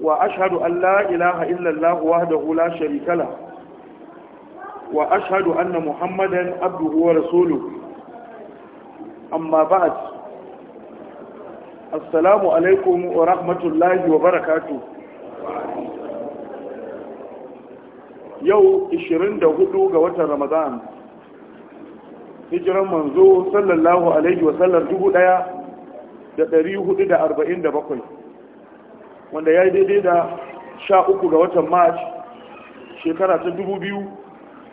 wa ashadu an la’ilaha illallah wa da hula sharikala wa ashadu an muhammadan abubuwa rasulu amma ba a assalamu alaikum wa rahmatullahi wa barakatu yau 24 ga watan ramadan hijiran manzo sallallahu alaihi wasallar 1447 wanda ya yi daidai da sha uku ga watan march shekara ta dubu biyu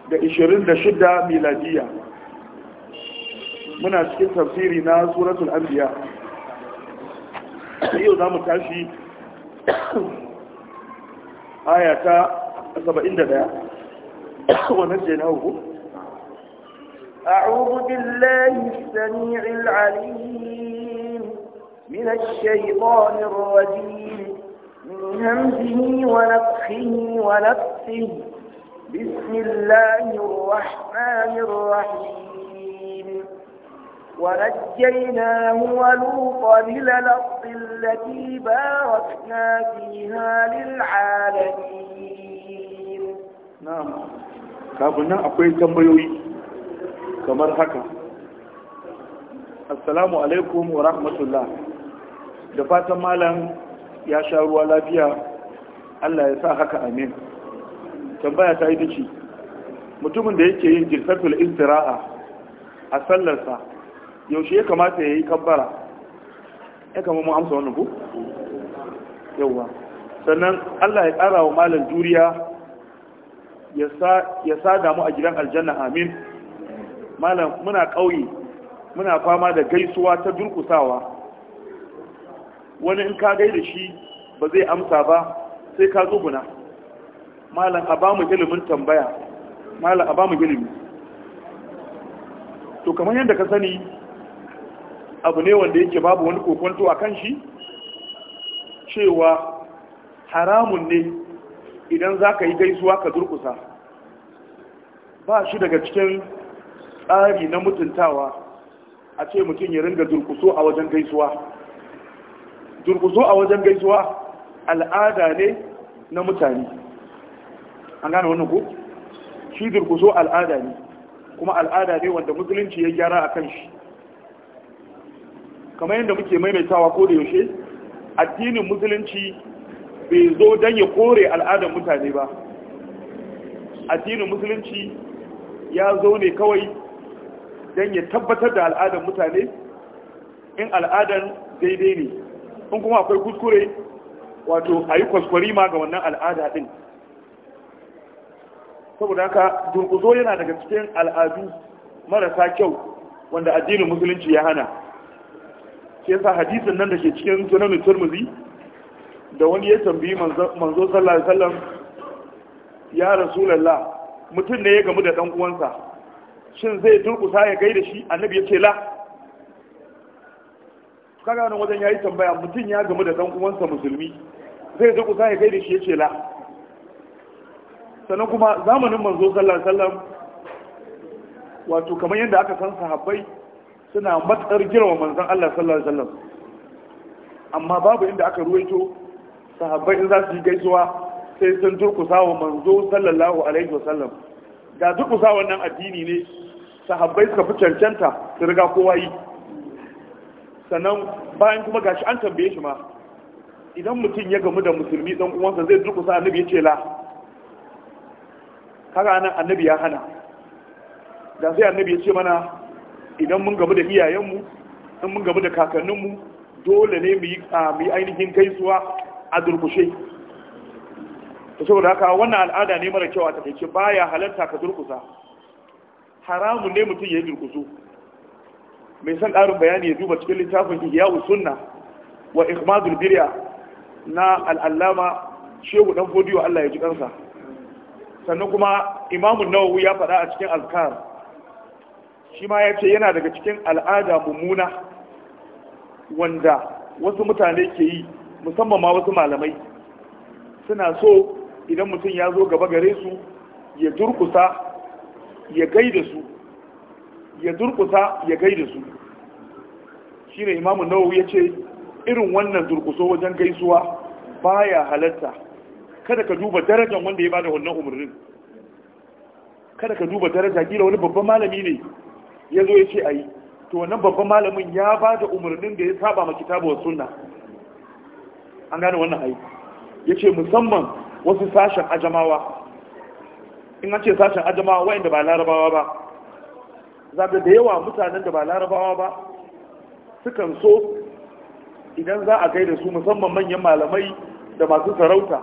da ishirin da shida miladiya muna cikin tafsiri na suratul anbiya yau za mu tashi aya ta 71 wannan ce na hukum أعوذ بالله السميع العليم من الشيطان الرجيم من همزه ونفخه ونفسه بسم الله الرحمن الرحيم ونجيناه ولوطا إلى الأرض التي باركنا فيها للعالمين نعم كابونا اقوي akwai كما حكى السلام عليكم ورحمه الله rahmatullah da fatan malam ya sha ruwa lafiya Allah ya sa haka amin tambaya ta yi ta mutumin da yake yin jirfatul istira'a a sallarsa yaushe ya kamata ya yi kabbara ya kama mu amsa wani ku yauwa sannan Allah ya ƙara wa malam juriya ya sa damu a gidan aljanna amin malam muna ƙauye muna fama da gaisuwa ta durkusawa wani in ka gai da shi ba zai amsa ba sai ka tsuguna malam a ba mu ilimin tambaya malam a ba mu ilimi to kamar yadda ka sani abu ne wanda yake babu wani kokonto a kan shi cewa haramun ne idan za ka yi gaisuwa ka durkusa ba shi daga cikin tsari na mutuntawa a ce mutum ya ringa durkuso a wajen gaisuwa durkuzo a wajen gaisuwa al'ada ne na mutane an gane wannan ku? shi durkuzo al'ada ne kuma al'ada ne wanda musulunci ya gyara a kan shi kamar yadda muke maimaitawa ko da yaushe addinin musulunci bai zo don ya kore al'adar mutane ba addinin musulunci ya zo ne kawai don ya tabbatar da al'adar mutane in al'adar daidai ne in kuma akwai kuskure wato a yi kwaskwari ma ga wannan al'ada ɗin saboda haka durkuzo yana daga cikin al'adu marasa kyau wanda addinin musulunci ya hana shi yasa hadisin nan da ke cikin sunan turmuzi da wani ya tambayi manzo sallallahu alaihi wasallam ya rasulallah mutum ne ya gamu da ɗan uwansa shin zai durkusa ya gaida shi annabi ya ce la kaga nan wajen yayi tambaya mutum ya gamu da dan uwansa musulmi zai zo kusa ya kai da shi ya ce la sannan kuma zamanin manzo sallallahu alaihi wasallam wato kamar yadda aka san sahabbai suna matsar girma manzon Allah sallallahu alaihi wasallam amma babu inda aka ruwaito sahabbai in za su yi gaisuwa sai sun durkusa wa manzo sallallahu alaihi wasallam da durkusa wannan addini ne sahabbai suka fi cancanta su riga kowa yi sannan bayan kuma gashi an tambaye shi ma idan mutum ya gamu da musulmi dan uwansa zai durkusa annabi ya ce la kaga nan annabi ya hana da sai annabi ya ce mana idan mun gamu da iyayenmu in mun gamu da kakanninmu dole ne mu yi ainihin gaisuwa a durkushe ta saboda haka wannan al'ada ne mara kyau a takaice baya halarta ka durkusa haramun ne mutum ya yi durkusu mai san ƙarin bayani ya duba cikin littafin ihya sunna wa ikhmadul birya na al'allama shehu dan fodiyo Allah ya ji kansa sannan kuma imamun nawawi ya faɗa a cikin alkar shi ma ya ce yana daga cikin al'ada mummuna wanda wasu mutane ke yi musamman ma wasu malamai suna so idan mutum ya zo gaba gare su ya durkusa ya gaida su ya durkusa ya gaida su Shi ne imamu nawawi ce, irin wannan durkuso wajen gaisuwa baya halatta kada ka duba darajar wanda ya bada wannan umarnin kada ka duba daraja gila wani babban malami ne ya zo ya ce a yi to wannan babban malamin ya ba da umarnin da ya saba ma kitabu wa suna. an gane wannan ai ya ce musamman wasu sashen ajamawa in an ce sashen ajamawa wa'inda ba larabawa ba za da yawa mutanen da ba larabawa ba sukan so idan za a gaida su musamman manyan malamai da masu sarauta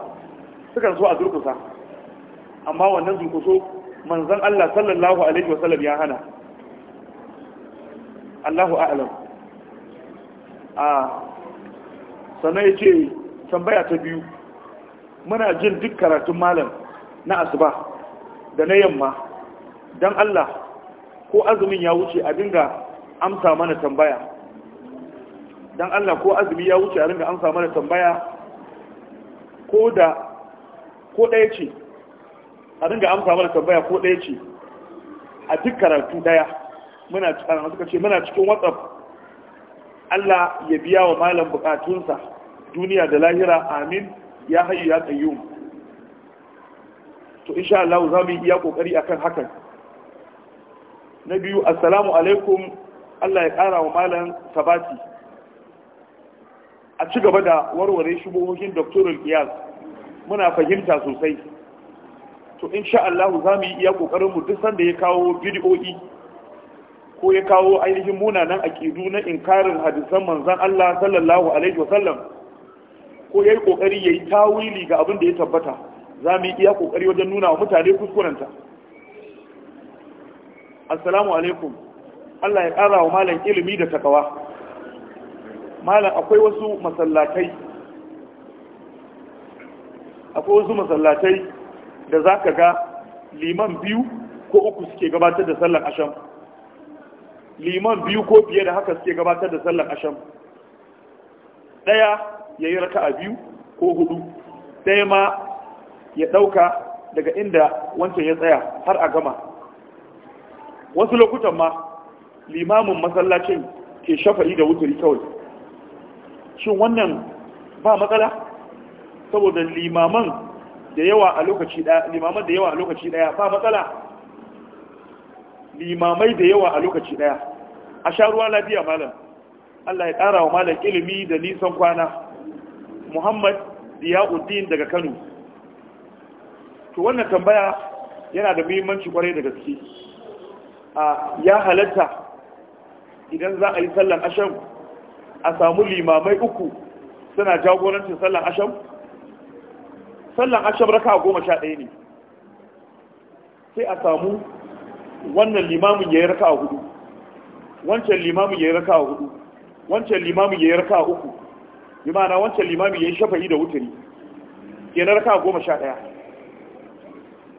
sukan so a durkusa amma wannan durkuso manzan Allah sallallahu alaihi wasallam ya hana Allahu a'lam a sannan ya ce tambaya ta biyu muna jin duk karatun malam na asuba da na yamma don Allah ko azumin ya wuce a dinga amsa mana tambaya don Allah ko azumi ya wuce a dinga amsa mana tambaya ko da ko ɗaya ce a dinga amsa mana tambaya ko ɗaya ce a duk karatu ɗaya muna cikin ce muna cikin whatsapp Allah ya biya wa malam bukatunsa duniya da lahira amin ya hayu ya qayyum to insha Allah za mu yi iya kokari akan hakan na biyu assalamu alaikum Allah ya ƙara wa malam sabati a ci gaba da warware shubuhohin doctoral kiyas muna fahimta sosai to insha Allah za mu yi iya kokarin mu duk sanda ya kawo bidiyoyi ko ya kawo ainihin munanan aƙidu na inkarin hadisan manzon Allah sallallahu alaihi wasallam ko yayi kokari yayi tawili ga abin da ya tabbata za mu yi iya kokari wajen nuna wa mutane kuskurenta assalamu alaikum Allah ya ƙara wa malam ilimi da takawa malam akwai wasu masallatai akwai wasu masallatai da za ka ga liman biyu ko uku suke gabatar da sallar asham liman biyu ko fiye da haka suke gabatar da sallar asham ɗaya ya yi a biyu ko hudu ɗaya ma ya ɗauka daga inda wancan ya tsaya har a gama wasu lokutan ma limamin masallacin ke shafa'i da wuturi kawai shin wannan ba matsala saboda limaman da yawa a lokaci daya limaman da yawa a lokaci daya ba matsala limamai da yawa a lokaci daya a Sharuwa lafiya malam Allah ya tsara wa malam ilimi da nisan kwana Muhammad Diyauddin daga Kano to wannan tambaya yana da muhimmanci kwarai da gaske ya halatta idan za a yi sallan asham a samu limamai uku suna jagorancin sallan asham sallan asham raka goma sha ɗaya ne sai a samu wannan limamin ya yi raka hudu wancan limamin ya yi raka hudu wancan limamin ya yi raka uku yi ma'ana wancan limamin ya yi shafari da wuturi ke na raka goma sha ɗaya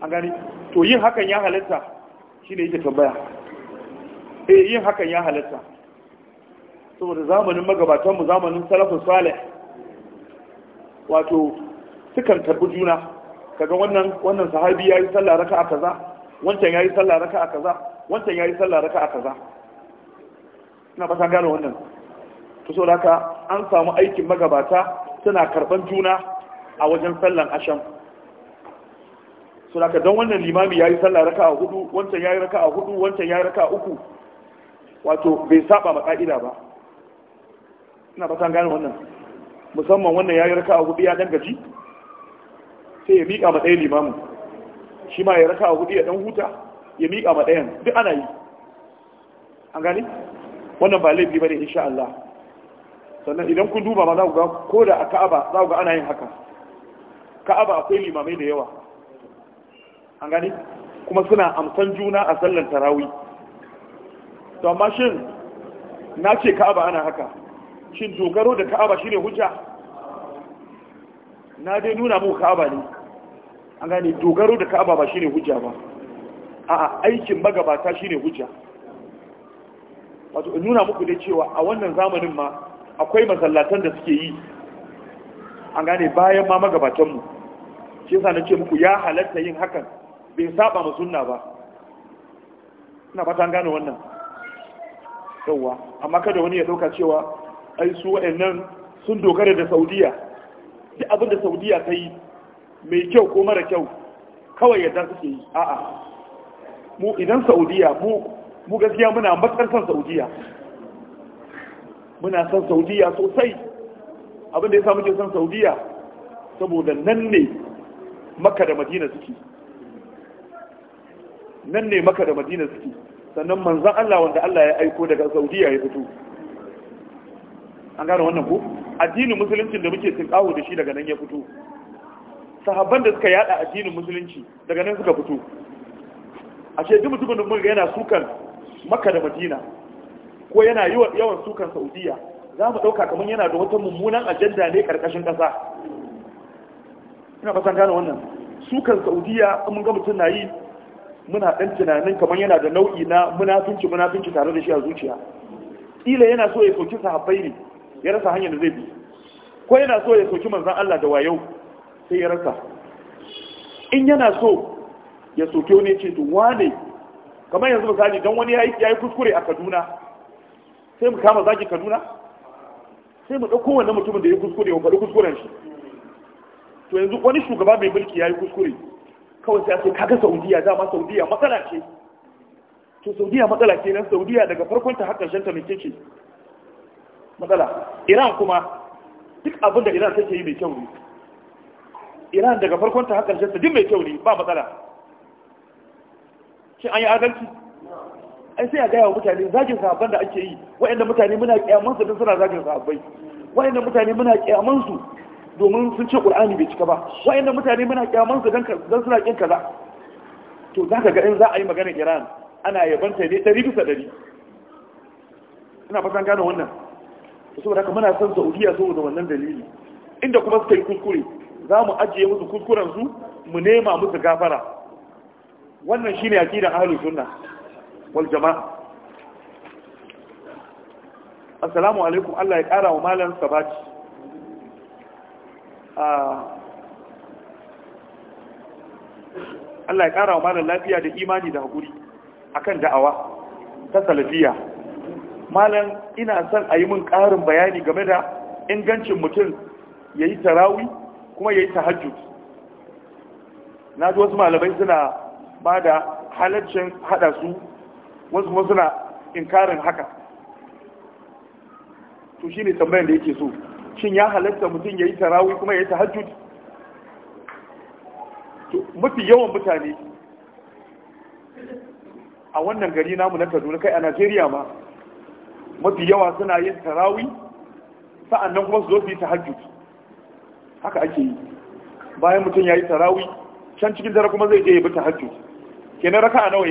an gani to yin hakan ya halatta shi ne yake tambaya eh yin hakan ya halatta saboda zamanin magabatanmu zamanin salafin salih wato sukan tarbi juna kaga wannan wannan sahabi yayi sallah raka a kaza wancan yayi sallah raka a kaza wancan yayi sallah raka a kaza ina ba ta gane wannan to saboda haka an samu aikin magabata suna karban juna a wajen sallan asham suna ka don wannan limami ya yi sallah raka a hudu wancan ya yi raka a hudu wancan ya yi raka a uku wato bai saba ma ka'ida ba ina ba gane wannan musamman wannan ya yi raka a hudu ya dan gaji sai ya miƙa ma ɗaya limamin shi ma ya raka a hudu ya dan huta ya miƙa ma ɗayan duk ana yi an gani wannan ba laifi ba ne insha Allah sannan idan kun duba ma za ku ga ko da a ka'aba za ku ga ana yin haka ka'aba akwai limamai da yawa an gani kuma suna amsan juna a sallan tarawi to amma shin na ce ka'aba ana haka shin dogaro da ka'aba shine hujja na dai nuna muku ka'aba ne an gani dogaro da ka'aba ba shine hujja ba a'a aikin magabata shine hujja wato in nuna muku dai cewa a wannan zamanin ma akwai masallatan da suke yi an gane bayan ma magabatanmu shi yasa na ce muku ya halatta yin hakan bai saba ma sunna ba ina fatan gane wannan yauwa amma kada wani ya dauka cewa ai su wa'annan sun dogara da saudiya duk abin da saudiya ta yi mai kyau ko mara kyau kawai yadda suke yi a'a mu idan saudiya mu mu gaskiya muna matsar san saudiya muna san saudiya sosai abin da ya sa muke san saudiya saboda nan ne makka da madina suke nan ne maka da madina suke sannan manzan Allah wanda Allah ya aiko daga saudiya ya fito an gane wannan ko addinin musuluncin da muke kawo da shi daga nan ya fito sahabban da suka yada addinin musulunci daga nan suka fito ce duk mutumin da muka yana sukan makka da madina ko yana yawan sukan saudiya za mu ɗauka kamar yana da wata mummunan ajanda ne karkashin ƙasa ina fasan gane wannan sukan saudiya mun ga mutum na yi muna ɗan tunanin kamar yana da nau'i na munafinci munafinci tare da shi a zuciya ila yana so ya soki sahabbai ne ya rasa hanyar da zai bi ko yana so ya soki manzan Allah da wayo sai ya rasa in yana so ya soke wani ce to wane kamar yanzu misali don wani ya yi kuskure a kaduna sai mu kama zaki kaduna sai mu ɗauko wannan mutumin da ya kuskure ya faɗi kuskuren shi to yanzu wani shugaba mai mulki ya yi kuskure kawai sai a ce kaga saudiya dama saudiya matsala ce to saudiya matsala ke nan saudiya daga farkon ta har shanta ta mece ce matsala iran kuma duk abin da iran take yi mai kyau ne iran daga farkon ta har shanta ta duk mai kyau ne ba matsala shi an yi adalci ai sai a gaya wa mutane zagin sahabban da ake yi wa'anda mutane muna kyamansu don suna zagin sahabbai wa'anda mutane muna kyamansu domin sun ce qur'ani bai cika ba wayannan mutane muna kyaman su dan dan suna kin kaza to zaka ga in za a yi magana Iran ana yabanta ne 100 bisa dari. ina fatan gano wannan saboda haka muna son Saudiya saboda wannan dalili inda kuma suka yi kuskure za mu ajiye musu kuskuren su mu nema musu gafara wannan shine aqidan ahlus sunna wal jamaa assalamu alaikum Allah ya kara wa malan sabati Ah. Allah ya ƙara wa malar lafiya da imani da haƙuri a kan da'awa ta salafiya malam ina son a yi min ƙarin bayani game da ingancin mutum ya yi tarawi kuma ya yi tahajjud na ji wasu malamai suna ba da halarcin haɗa su wasu suna inkarin haka to shi ne tambayin da yake so shin ya halatta mutum ya yi tarawi kuma ya yi tahajjud mafi yawan mutane a wannan gari namu na kaduna kai a najeriya ma mafi yawa suna yin tarawih sa'annan kuma su zo su yi tahajjud haka ake yi bayan mutum ya yi tarawi, can cikin dare kuma zai je ya bi tahajjud kenan a nawa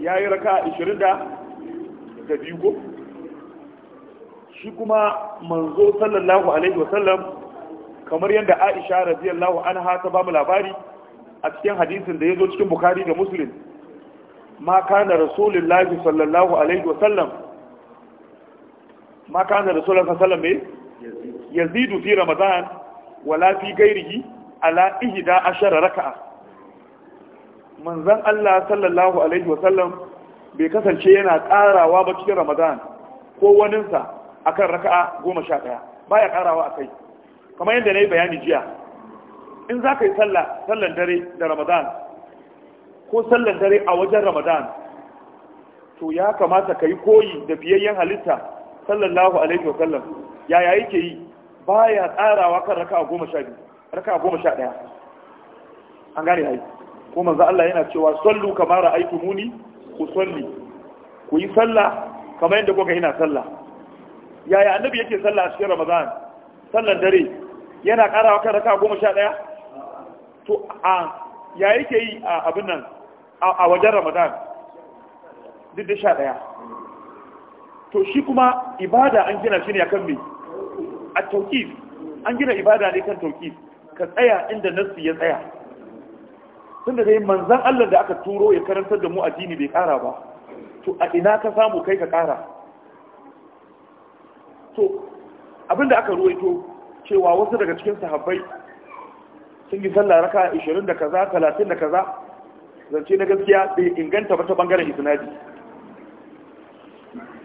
ya yi raka'a 20 da da biyu ko shi kuma manzo sallallahu alaihi wasallam kamar yadda aisha radiyallahu anha ta ba mu labari a cikin hadisin da ya zo cikin bukari da muslim ma kana rasulullahi sallallahu alaihi wasallam ma kana rasulullahi sallallahu alaihi wasallam yazidu fi ramadan wala fi ghairihi ala ihda ashara raka'a manzon Allah sallallahu alaihi wasallam bai kasance yana karawa ba cikin ramadan ko waninsa akan raka'a goma sha ɗaya baya ƙarawa a kai kamar yadda na yi bayani jiya in za ka yi sallah sallan dare da ramadan ko sallan dare a wajen ramadan to ya kamata ka yi koyi da biyayyen halitta sallallahu alaihi wa sallam yaya ke yi baya tsarawa kan raka'a goma sha biyu raka'a goma sha ɗaya an gane hai ko manzo Allah yana cewa sallu kama ra'aytumuni salli ku yi sallah kamar yadda kuka na sallah yaya annabi yake sallah a cikin ramadan sallan dare yana karawa kan raka goma sha ɗaya to a ya yake yi a abin nan a wajen ramadan duk da sha ɗaya to shi kuma ibada an gina shi ne kan me a tauqif an gina ibada ne kan tauqif ka tsaya inda nassi ya tsaya tunda dai manzon Allah da aka turo ya karantar da mu addini bai kara ba to a ina ka samu kai ka kara to abinda aka ruwaito cewa wasu daga cikin sahabbai sun yi sallah raka 20 da kaza 30 da kaza zance na gaskiya bai inganta ba ta bangaren isnadi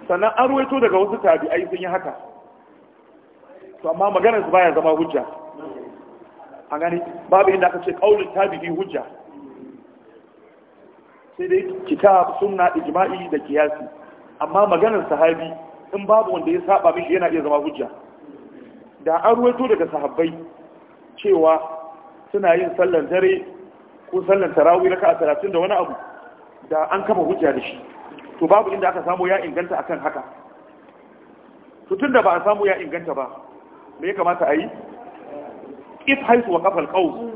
sannan an ruwaito daga wasu tabi'ai sun yi haka to amma maganar su baya zama hujja a gani babu inda aka ce kaulin tabi'i hujja sai dai kitab sunna ijma'i da kiyasi amma maganar sahabi in babu wanda ya saba mishi yana iya zama hujja da an ruwaito daga sahabbai cewa suna yin sallan dare ko sallan tarawi na a talatin da wani abu da an kama hujja da shi to babu inda aka samu ya inganta akan haka to tun da ba a samu ya inganta ba me ya kamata a yi if haisu wa kafal kawo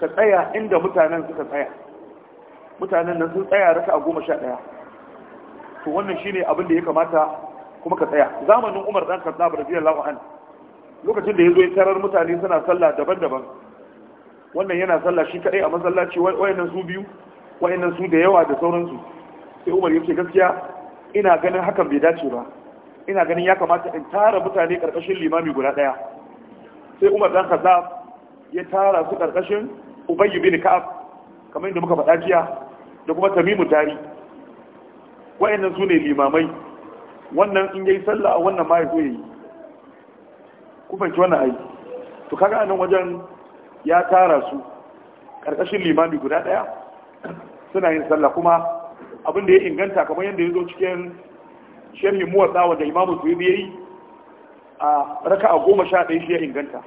ka tsaya inda mutanen suka tsaya mutanen nan sun tsaya raka a goma sha ɗaya to wannan shine abin da ya kamata kuma ka tsaya zamanin Umar dan Khattab radiyallahu anhu lokacin da yazo ya tarar mutane suna sallah daban-daban wannan yana sallah shi kadai a masallaci wayannan su biyu wayannan su da yawa da sauransu sai Umar yace gaskiya ina ganin hakan bai dace ba ina ganin ya kamata in tara mutane karkashin limami guda daya sai Umar dan Khattab ya tara su karkashin Ubay bin Ka'ab kamar yadda muka faɗa jiya da kuma Tamimu Tari wa'annan su ne limamai wannan in yayi sallah wannan ma ya zo yayi ku fahimci wannan ai to kaga anan wajen ya tara su karkashin limami guda daya suna yin sallah kuma abin da ya inganta kamar yadda ya zo cikin sharhi muwatsa wanda imamu suyubi yayi a raka'a goma sha ɗaya shi ya inganta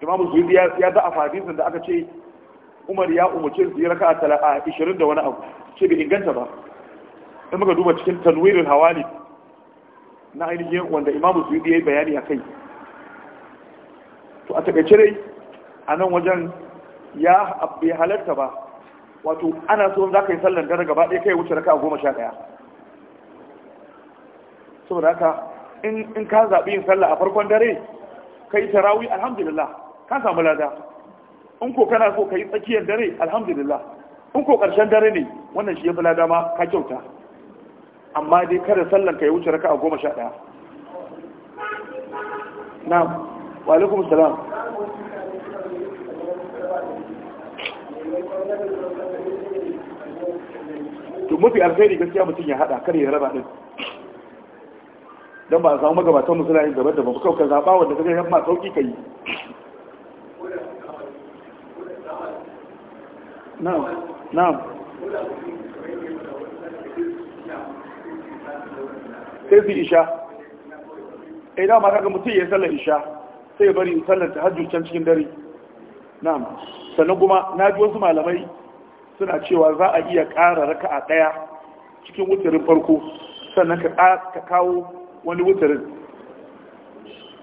imamu suyubi ya da hadisin da aka ce umar ya umarci su yi raka'a 20 da wani abu ce bai inganta ba sai muka duba cikin tanwirin hawali na ainihin wanda imamu su yi bayani a kai to a takaice dai a nan wajen ya bai halarta ba wato ana so za ka yi sallan dare gaba ɗaya kai wuce raka goma sha ɗaya saboda haka in ka zaɓi yin sallah a farkon dare ka yi tarawi alhamdulillah ka samu lada in ko kana so ka yi tsakiyar dare alhamdulillah in ko ƙarshen dare ne wannan shi ya fi lada ma ka kyauta amma dai kada sallan ka ya wuce raka'a goma sha ɗaya na walikun alaikum salam to mafi alkhairi gaskiya mutum ya haɗa kar ya raba din don ba a samu magabatan musulani gaba da ba kawai ka zaɓa wanda kaje yan ma sauƙi ka na'am na'am sai su isha eh dama kaga mutum ya sallar isha sai ya bari sallar tahajjud can cikin dare na'am sannan kuma na ji wasu malamai suna cewa za a iya ƙara raka'a ɗaya cikin wutarin farko sannan ka kawo wani wutarin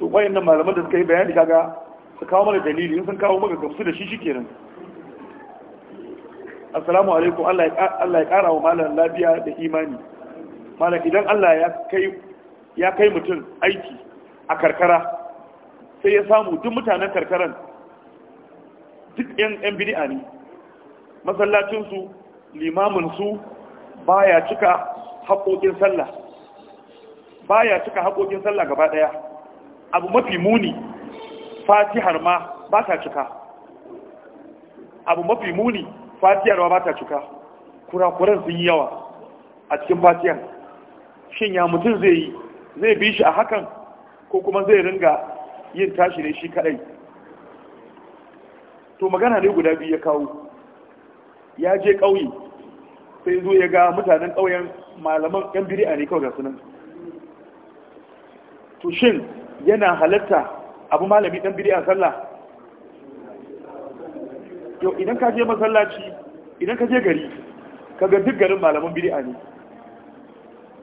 to wayannan malaman da suka yi bayani kaga su kawo mana dalili sun kawo maka gamsu da shi shikenan assalamu alaikum Allah ya ƙara wa malamin lafiya da imani mana idan Allah ya kai ya kai mutum aiki a karkara sai ya samu duk mutanen karkaran duk yan yan bid'a ne masallacin su limamin su baya cika haƙoƙin sallah baya cika haƙoƙin sallah gaba daya abu mafi muni fatihar ma ba ta cika abu mafi muni fatihar ma ba ta cika kurakuran sun yi yawa a cikin fatihar. shin ya mutum zai yi zai bi shi a hakan ko kuma zai ringa yin tashi ne shi kadai to magana ne guda biyu ya kawo ya je ƙauye sai zo ya ga mutanen ƙauyen malaman biri biri'a ne kawai ga sunan. to shin yana halatta abu malami biri biri'a sallah yau idan ka je masallaci idan ka je gari ka ga duk garin malaman biri'a ne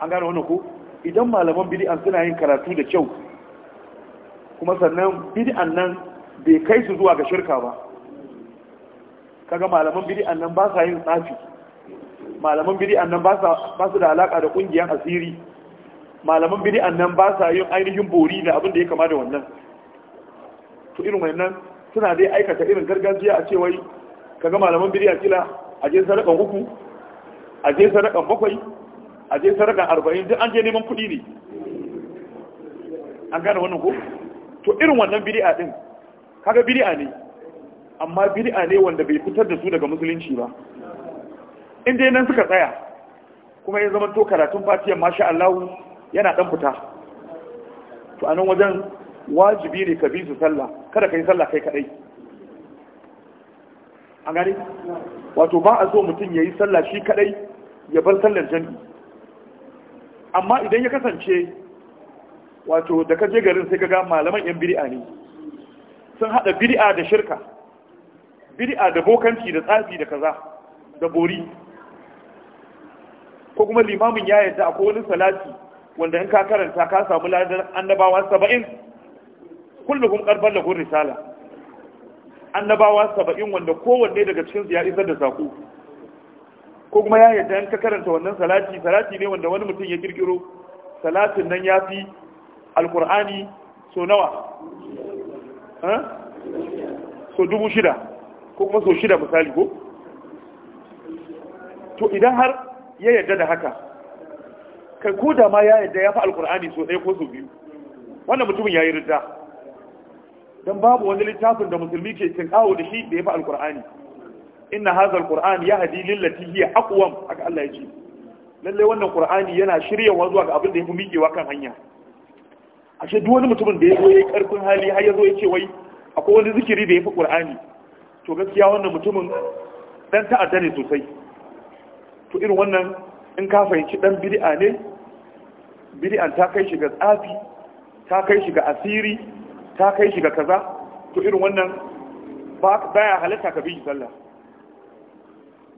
an gane wani ko idan malaman bid'an suna yin karatu da kyau kuma sannan bid'an nan bai kai su zuwa ga shirka ba kaga malaman bid'an nan ba sa yin tsafi malaman bid'an nan ba su da alaka da ƙungiyar asiri malaman bid'an nan ba sa yin ainihin bori da abin da ya kama da wannan to irin wannan suna dai aikata irin gargajiya a cewa kaga malaman bid'a kila a je sadakan uku a je sadakan bakwai a je sarakan arba'in duk an je neman kuɗi ne an gane wannan ko to irin wannan bid'a din kaga bid'a ne amma bid'a ne wanda bai fitar da su daga musulunci ba in dai nan suka tsaya kuma ya zama to karatun fatiyan masha Allah yana dan fita to anan wajen wajibi ne ka bi su sallah kada kai sallah kai kadai an gane wato ba a so mutum yayi sallah shi kadai ya bar sallar jami'i amma idan ya kasance wato da ka je garin sai ka ga malaman yan bid'a ne sun hada biri'a da shirka biri'a da bokanci da tsafi da kaza da bori ko kuma limamin ya yadda a wani salati wanda in ka karanta ka samu ladar annabawa saba'in kulluhum qarban lahu risala annabawa saba'in wanda kowanne daga cikin su ya isar da sako ko kuma ya yarda in ka karanta wannan salati salati ne wanda wani mutum ya kirkiro salatin nan ya fi alkur'ani so nawa so dubu shida ko kuma so shida misali ko to idan har ya yarda da haka kai ko da ma ya yarda ya fi alkur'ani so ɗaya ko so biyu wannan mutumin ya yi ridda don babu wani littafin da musulmi ke tinkawo da shi da ya fi alkur'ani inna hadha alquran yahdi lillati hiya aqwam aka Allah ya ce lalle wannan qur'ani yana shiryawa zuwa ga abin da yafi miƙewa kan hanya ashe duk wani mutumin da ya zo yayi karfin hali har ya zo ya ce wai akwai wani zikiri da yafi qur'ani to gaskiya wannan mutumin dan ta'adda ne sosai to irin wannan in ka fahimci dan bid'a ne bid'an ta kai shi ga tsafi ta kai shi ga asiri ta kai shi ga kaza to irin wannan ba ya halatta ka bi sallah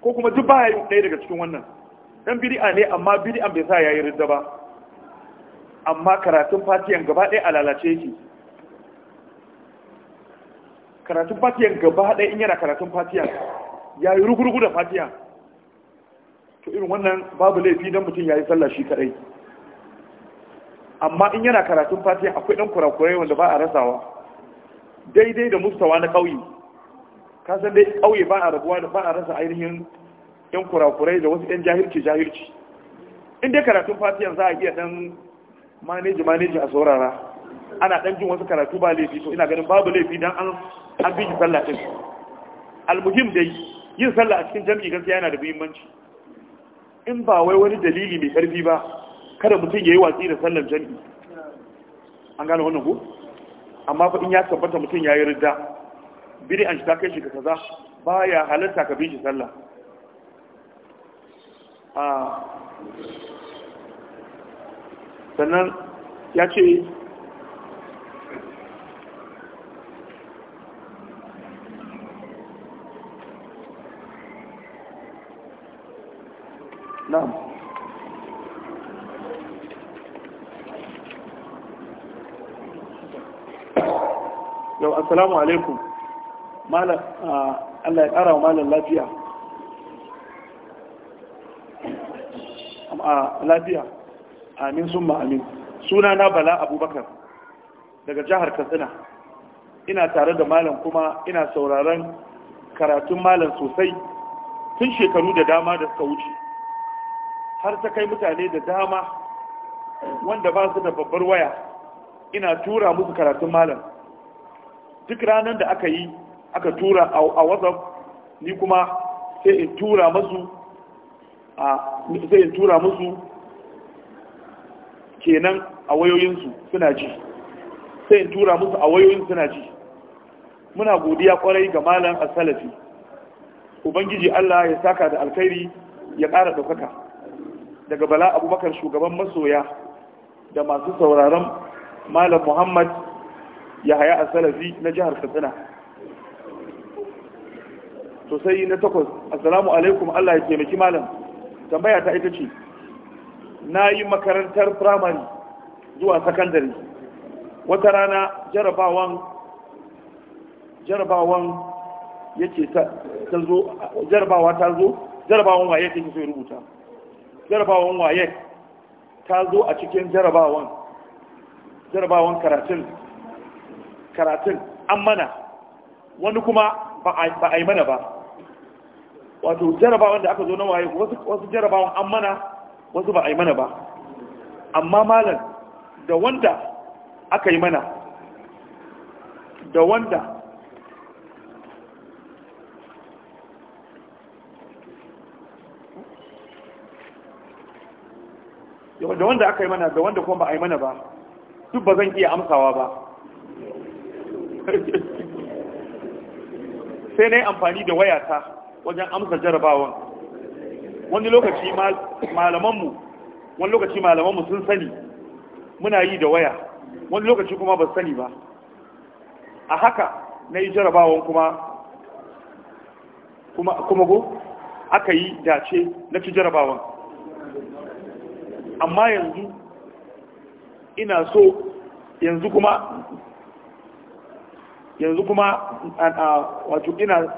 ko kuma duk baya yin ɗaya daga cikin wannan ɗan bid'a ne amma bid'an bai sa yi ridda ba amma karatun fatiyan gaba ɗaya a lalace yake karatun fatiyan gaba ɗaya in yana karatun fatiyan ya yi rugurugu da fatiyan to irin wannan babu laifi don mutum yi sallah shi kadai amma in yana karatun fatiyan akwai ɗan kurakurai wanda ba a rasawa daidai da mustawa na ƙauye. ka san dai ƙauye ba a rabuwa da ba a rasa ainihin yan kurakurai da wasu yan jahilci jahilci in dai karatun fatiyan za a iya dan maneji maneji a saurara ana dan jin wasu karatu ba laifi to ina ganin babu laifi dan an an bi sallah din almuhim dai yin sallah a cikin jami'i gaskiya yana da muhimmanci in ba wai wani dalili mai karfi ba kada mutum ya yi watsi da sallar jami'i an gane wannan ku amma fa in ya tabbata mutum ya yi ridda biri an ta kai shi ka kaza baya halitta ka bi shi sallah ah. sannan ya ce na'am yau assalamu alaikum Allah ya ƙara wa malam lafiya lafiya amin sun amin suna na bala abubakar daga jihar katsina ina tare da malam kuma ina sauraron karatun malam sosai tun shekaru da dama da suka wuce har ta kai mutane da dama wanda ba su da babbar waya ina tura musu karatun malam duk ranar da aka yi aka tura a whatsapp ni kuma sai in tura masu sai in tura musu kenan a wayoyinsu suna ji sai in tura musu a wayoyin suna ji muna godiya kwarai ga malam asalafi ubangiji Allah ya saka da alkhairi ya ƙara ɗaukaka daga bala abubakar shugaban masoya da masu sauraron malam muhammad ya haya asalafi na jihar katsina to sai na takwas assalamu alaikum Allah ya taimaki malam tambaya ta ita ce na yi makarantar firamare zuwa sakandare wata rana jarabawan jarabawan yake ta zo jarabawa ta zo jarabawan waye ke so rubuta jarabawan waye ta zo a cikin jarabawan jarabawan karatun karatun an mana wani kuma ba a yi mana ba wato jarabawan da aka zo na waye wasu jarabawan an mana wasu ba a yi mana ba amma malam da wanda aka yi mana da wanda da wanda aka yi mana da wanda kuma ba a yi mana ba duk ba zan iya amsawa ba sai na yi amfani da wayata wajen amsa jarabawan wani lokaci malamanmu wani lokaci malamanmu sun sani muna yi da waya wani lokaci kuma ba sani ba a haka na yi jarabawan kuma kuma go aka yi dace na ci jarabawan amma yanzu ina so yanzu kuma yanzu kuma wato ina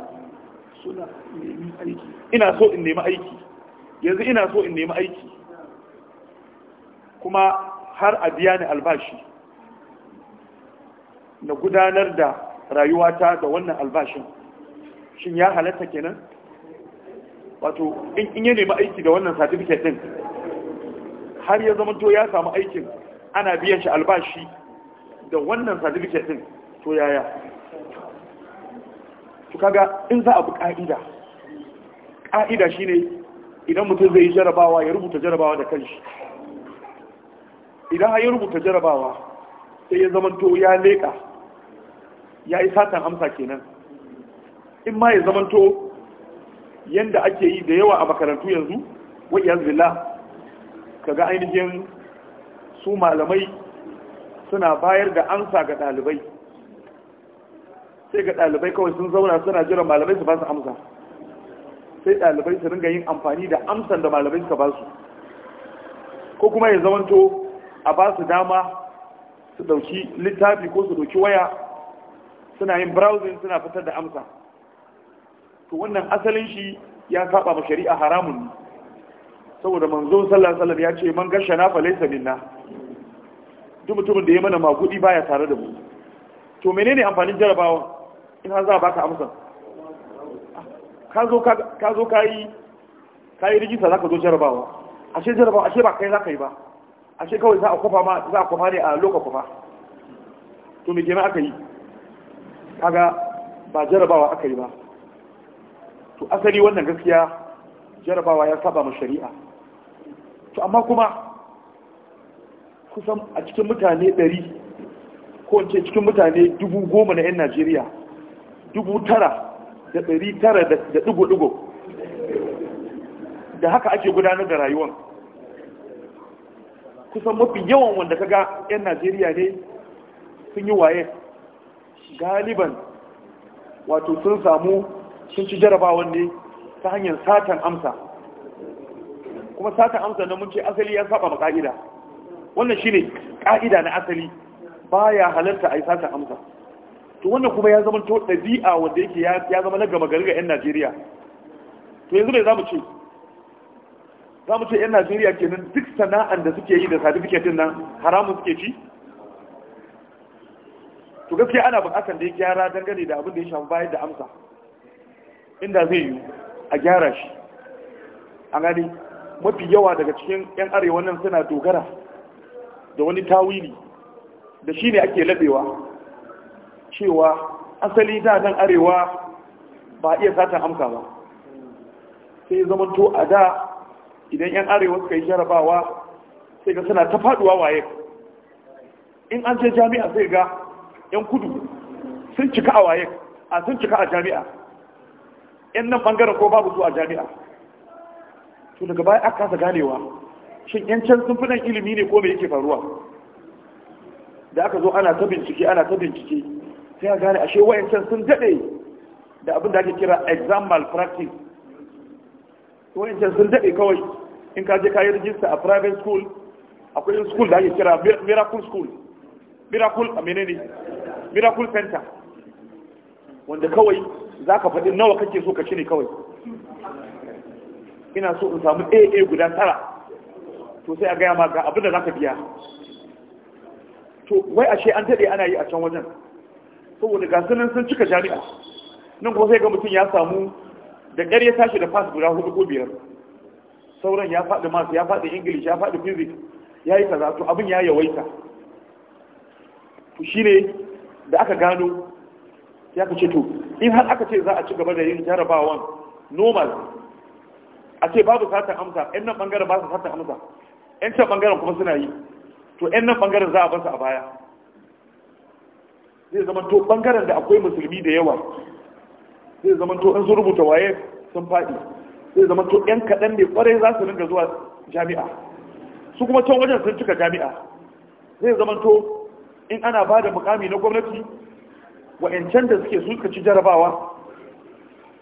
ina so in nemi aiki yanzu ina so in nemi aiki kuma har a biya ni albashi na gudanar da rayuwata da wannan albashin shin ya halatta kenan wato in ya nemi aiki da wannan certificate din har ya zama to ya samu aikin ana biyan shi albashi da wannan certificate din to yaya su kaga in za a bi ƙa'ida shi ne idan mutum zai yi jarabawa ya rubuta jarabawa da kanshi idan ya rubuta jarabawa sai ya zamanto ya leƙa ya yi satan amsa kenan in ma ya zamanto yanda ake yi da yawa a makarantu yanzu wai ka kaga ainihin su malamai suna bayar da amsa ga ɗalibai sai ga ɗalibai kawai sun zauna suna jiran malamai su ba su amsa sai ɗalibai su ringa yin amfani da amsan da malamai suka ba su ko kuma ya zamanto a ba su dama su ɗauki littafi ko su ɗauki waya suna yin browsing suna fitar da amsa to wannan asalin shi ya saba ma shari'a haramun ne saboda manzo sallallahu alaihi ya ce man gasha na falaisa minna duk mutumin da ya mana magudi baya tare da mu to menene amfanin jarabawa in har za a baka amsa ka zo ka yi ka yi rigista za ka zo jarabawa ashe jarabawa ashe ba kai za ka yi ba ashe kawai za a kofa ma za a kofa ne a loka kofa to me kenan aka yi kaga ba jarabawa aka yi ba to asali wannan gaskiya jarabawa ya saba ma shari'a to amma kuma kusan a cikin mutane ɗari ko in ce cikin mutane dubu goma na 'yan najeriya dubu tara da ɗari tara da ɗigo-ɗigo da haka ake gudanar da rayuwan. kusan mafi yawan wanda ka ga 'yan najeriya ne sun yi waye galiban wato sun samu sun ci jarabawan ne ta hanyar satan amsa kuma satan amsa na ce asali ya saba ma wannan wannan ne ƙa'ida na asali baya halarta a yi satan amsa to wannan kuma ya zama to ɗabi'a wanda yake ya zama na gama gari ga 'yan najeriya to yanzu mai za mu ce za ce 'yan najeriya kenan duk sana'an da suke yi da sadifiketin nan haramun suke ci to gaskiya ana bukatar da ya gyara dangane da abin da ya shafi bayar da amsa inda zai yi a gyara shi a gani mafi yawa daga cikin 'yan arewa nan suna dogara da wani tawili da shi ne ake laɓewa cewa asali da nan arewa ba iya satan amsa ba sai zama to a da idan 'yan arewa suka yi jarabawa sai ga suna ta faduwa waye in an je jami'a sai ga 'yan kudu sun cika a waye a sun cika a jami'a 'yan nan bangaren ko babu zuwa jami'a to daga baya aka kasa ganewa shin 'yan can sun fi nan ilimi ne ko me yake faruwa da aka zo ana ta bincike ana ta bincike sai a gane ashe wayancan sun daɗe da abin da ake kira exam malpractice wayancan sun daɗe kawai in ka je ka yi rijista a private school akwai yin school da ake kira miracle school miracle a menene miracle center wanda kawai za ka faɗi nawa kake so ka cire kawai ina so in samu aa guda tara to sai a gaya ma ga abin da za ka biya to wai ashe an daɗe ana yi a can wajen saboda ga sunan sun cika jami'a nan kuma sai ga mutum ya samu da ƙar ya tashi da fas guda hudu ko biyar sauran ya faɗi masu ya faɗi english ya faɗi physics ya yi kaza to abin ya yawaita to shine da aka gano ya ka ce to in har aka ce za a ci gaba da yin jarabawan normal a ce babu satan amsa yan nan bangaren ba su satan amsa yan can bangaren kuma suna yi to yan nan bangaren za a basu a baya zai zama to bangaren da akwai musulmi da yawa zai zama to in sun rubuta waye sun faɗi zai zama to yan kaɗan ne kwarai za su ringa zuwa jami'a su kuma can wajen sun cika jami'a zai zama to in ana ba da mukami na gwamnati wa'yancan da suke su suka ci jarabawa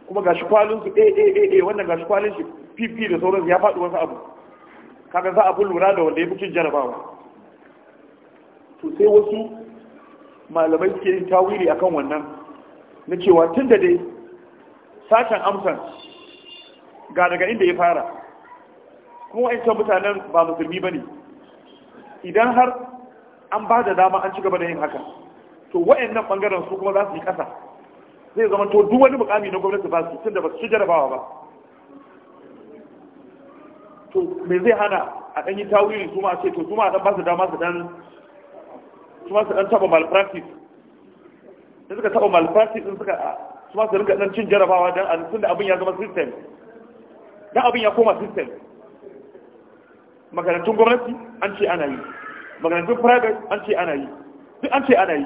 kuma gashi kwalin su aaa eh, eh, eh, wannan gashi kwalin shi pp da sauran ya faɗi wasu abu kaga za a fi lura da wanda ya fi cin jarabawa to sai wasu malamai suke yin a kan wannan na cewa tun da dai sashen amsan ga daga inda ya fara kuma wa'ancan mutanen ba musulmi ba ne idan har an ba da dama an ci gaba da yin haka to wa'annan bangaren su kuma za su yi kasa zai zama to duk wani mukami na gwamnati ba su tun da ba su jarabawa ba to me zai hana a ɗanyi tawiri su ma ce to su ma a ɗan ba su dama su dan su su dan taba malpractice da suka taba malpractice din suka su ma su rinka dan cin jarabawa dan azin da abin ya zama system dan abin ya koma system makarantun gwamnati an ce ana yi makarantun private an ce ana yi duk an ce ana yi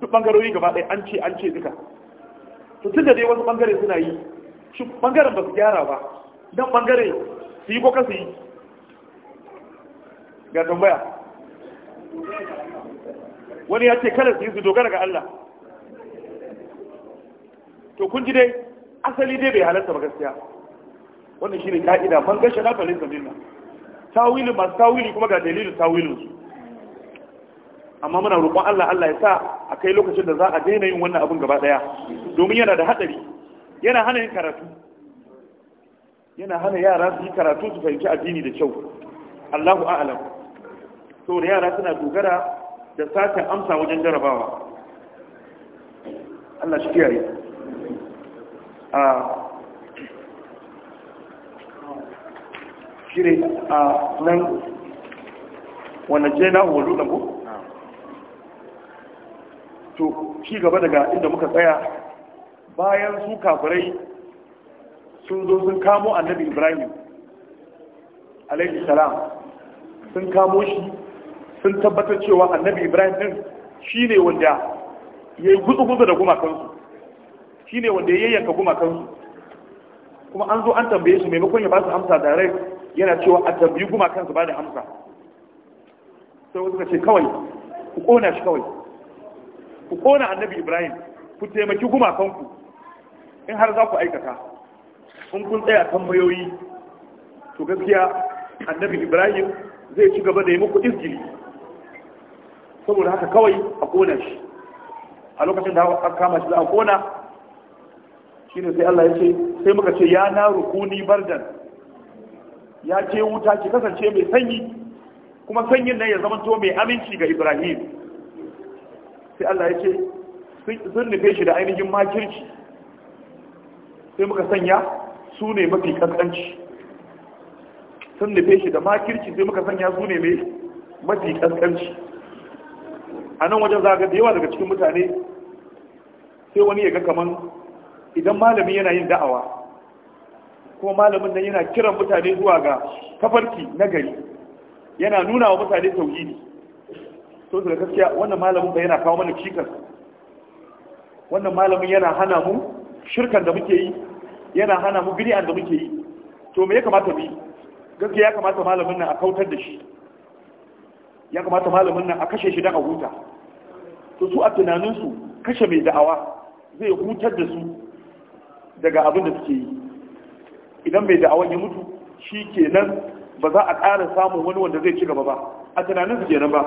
duk bangarori gaba ɗaya an ce an ce duka to tun da dai wasu bangare suna yi shi bangaren ba su gyara ba dan bangare su yi ko kasu yi ga tambaya wani ya ce kada su yi su dogara ga Allah to kun ji dai asali dai bai halarta ba gaskiya wannan shine ka'ida man gashi na falin nan tawili masu tawili kuma ga dalilin tawilin su amma muna roƙon Allah Allah ya sa a kai lokacin da za a daina yin wannan abin gaba daya domin yana da hadari yana hana yin karatu yana hana yara su yi karatu su fahimci addini da kyau Allahu a'lam saboda yara suna dogara da sake amsa wajen jarabawa Allah shi kiyaye a shire a nan je na walu da ku to shi gaba daga inda muka tsaya bayan su kafirai sun zo sun kamo annabi ibrahim alaihi salam sun kamo shi sun tabbatar cewa annabi ibrahim din shine wanda ya yi gutsu-gutsu da gumakansu shine wanda ya yayyanka gumakansu kuma an zo an tambaye su maimakon ya ba su amsa tare yana cewa a tambayi gumakansu ba da amsa sai wasu ka ce kawai ku kona shi kawai ku kona annabi ibrahim ku taimaki gumakanku in har za ku aikata kun kun tsaya tambayoyi to gaskiya annabi ibrahim zai ci gaba da yi muku izgili saboda haka kawai a kona shi a lokacin da aka kama shi za a kona shi ne sai Allah ya ce sai muka ce ya na rukuni bardan ya ce wuta ki kasance mai sanyi kuma sanyin nan ya to mai aminci ga Ibrahim sai Allah ya ce sun nufe shi da ainihin makirci sai muka sanya su ne mafi kankanci. sun nufe shi da makirci sai muka sanya su ne mai mafi kankanci. a nan wajen zaga da yawa daga cikin mutane sai wani ya ga kaman idan malami yana yin da'awa ko malamin nan yana kiran mutane zuwa ga kafarki na gari yana nuna wa mutane tauhidi to da gaskiya wannan malamin ba yana kawo mana cikas wannan malamin yana hana mu shirkan da muke yi yana hana mu bid'an da muke yi to me ya kamata mu yi gaskiya ya kamata malamin nan a kautar da shi ya kamata malamin nan a kashe shi dan a huta to su a tunaninsu kashe mai da'awa zai hutar da su daga abin da suke yi idan mai da'awan ya mutu shi kenan ba za a ƙara samun wani wanda zai ci gaba ba a tunaninsu kenan ba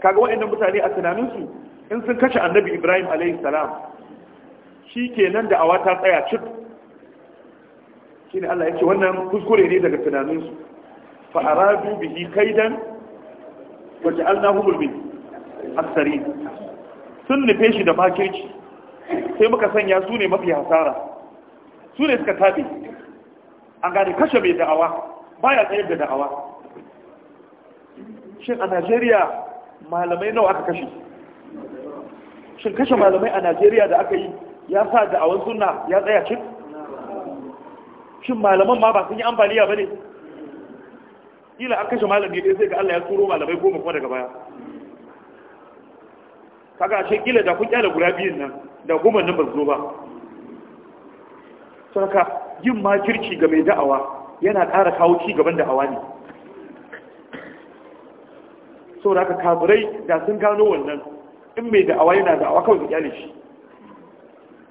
kaga waɗannan mutane a tunaninsu in sun kashe annabi ibrahim alayhi salam shi kenan da'awa ta tsaya cik shine Allah ya ce wannan kuskure ne daga tunaninsu fa aradu kai dan wa ja'alnahu mulmin aksari sun nufe shi da makirci sai muka sanya su ne mafi hasara su suka tabe an gane kashe mai da'awa baya tsayar da da'awa shin a Najeriya malamai nawa aka kashe shin kashe malamai a Najeriya da aka yi ya sa da'awan sunna ya tsaya cin shin malaman ma ba sun yi ambaliya ba ne kila an kashe malami ɗaya sai ga Allah ya turo malamai goma kuma daga baya kaga ashe kila da kun kyale guda biyun nan da goma nan ba zo ba saka yin makirci ga mai da'awa yana ƙara kawo ci gaban da'awa ne saboda haka da sun gano wannan in mai da'awa yana da'awa kawai ka kyale shi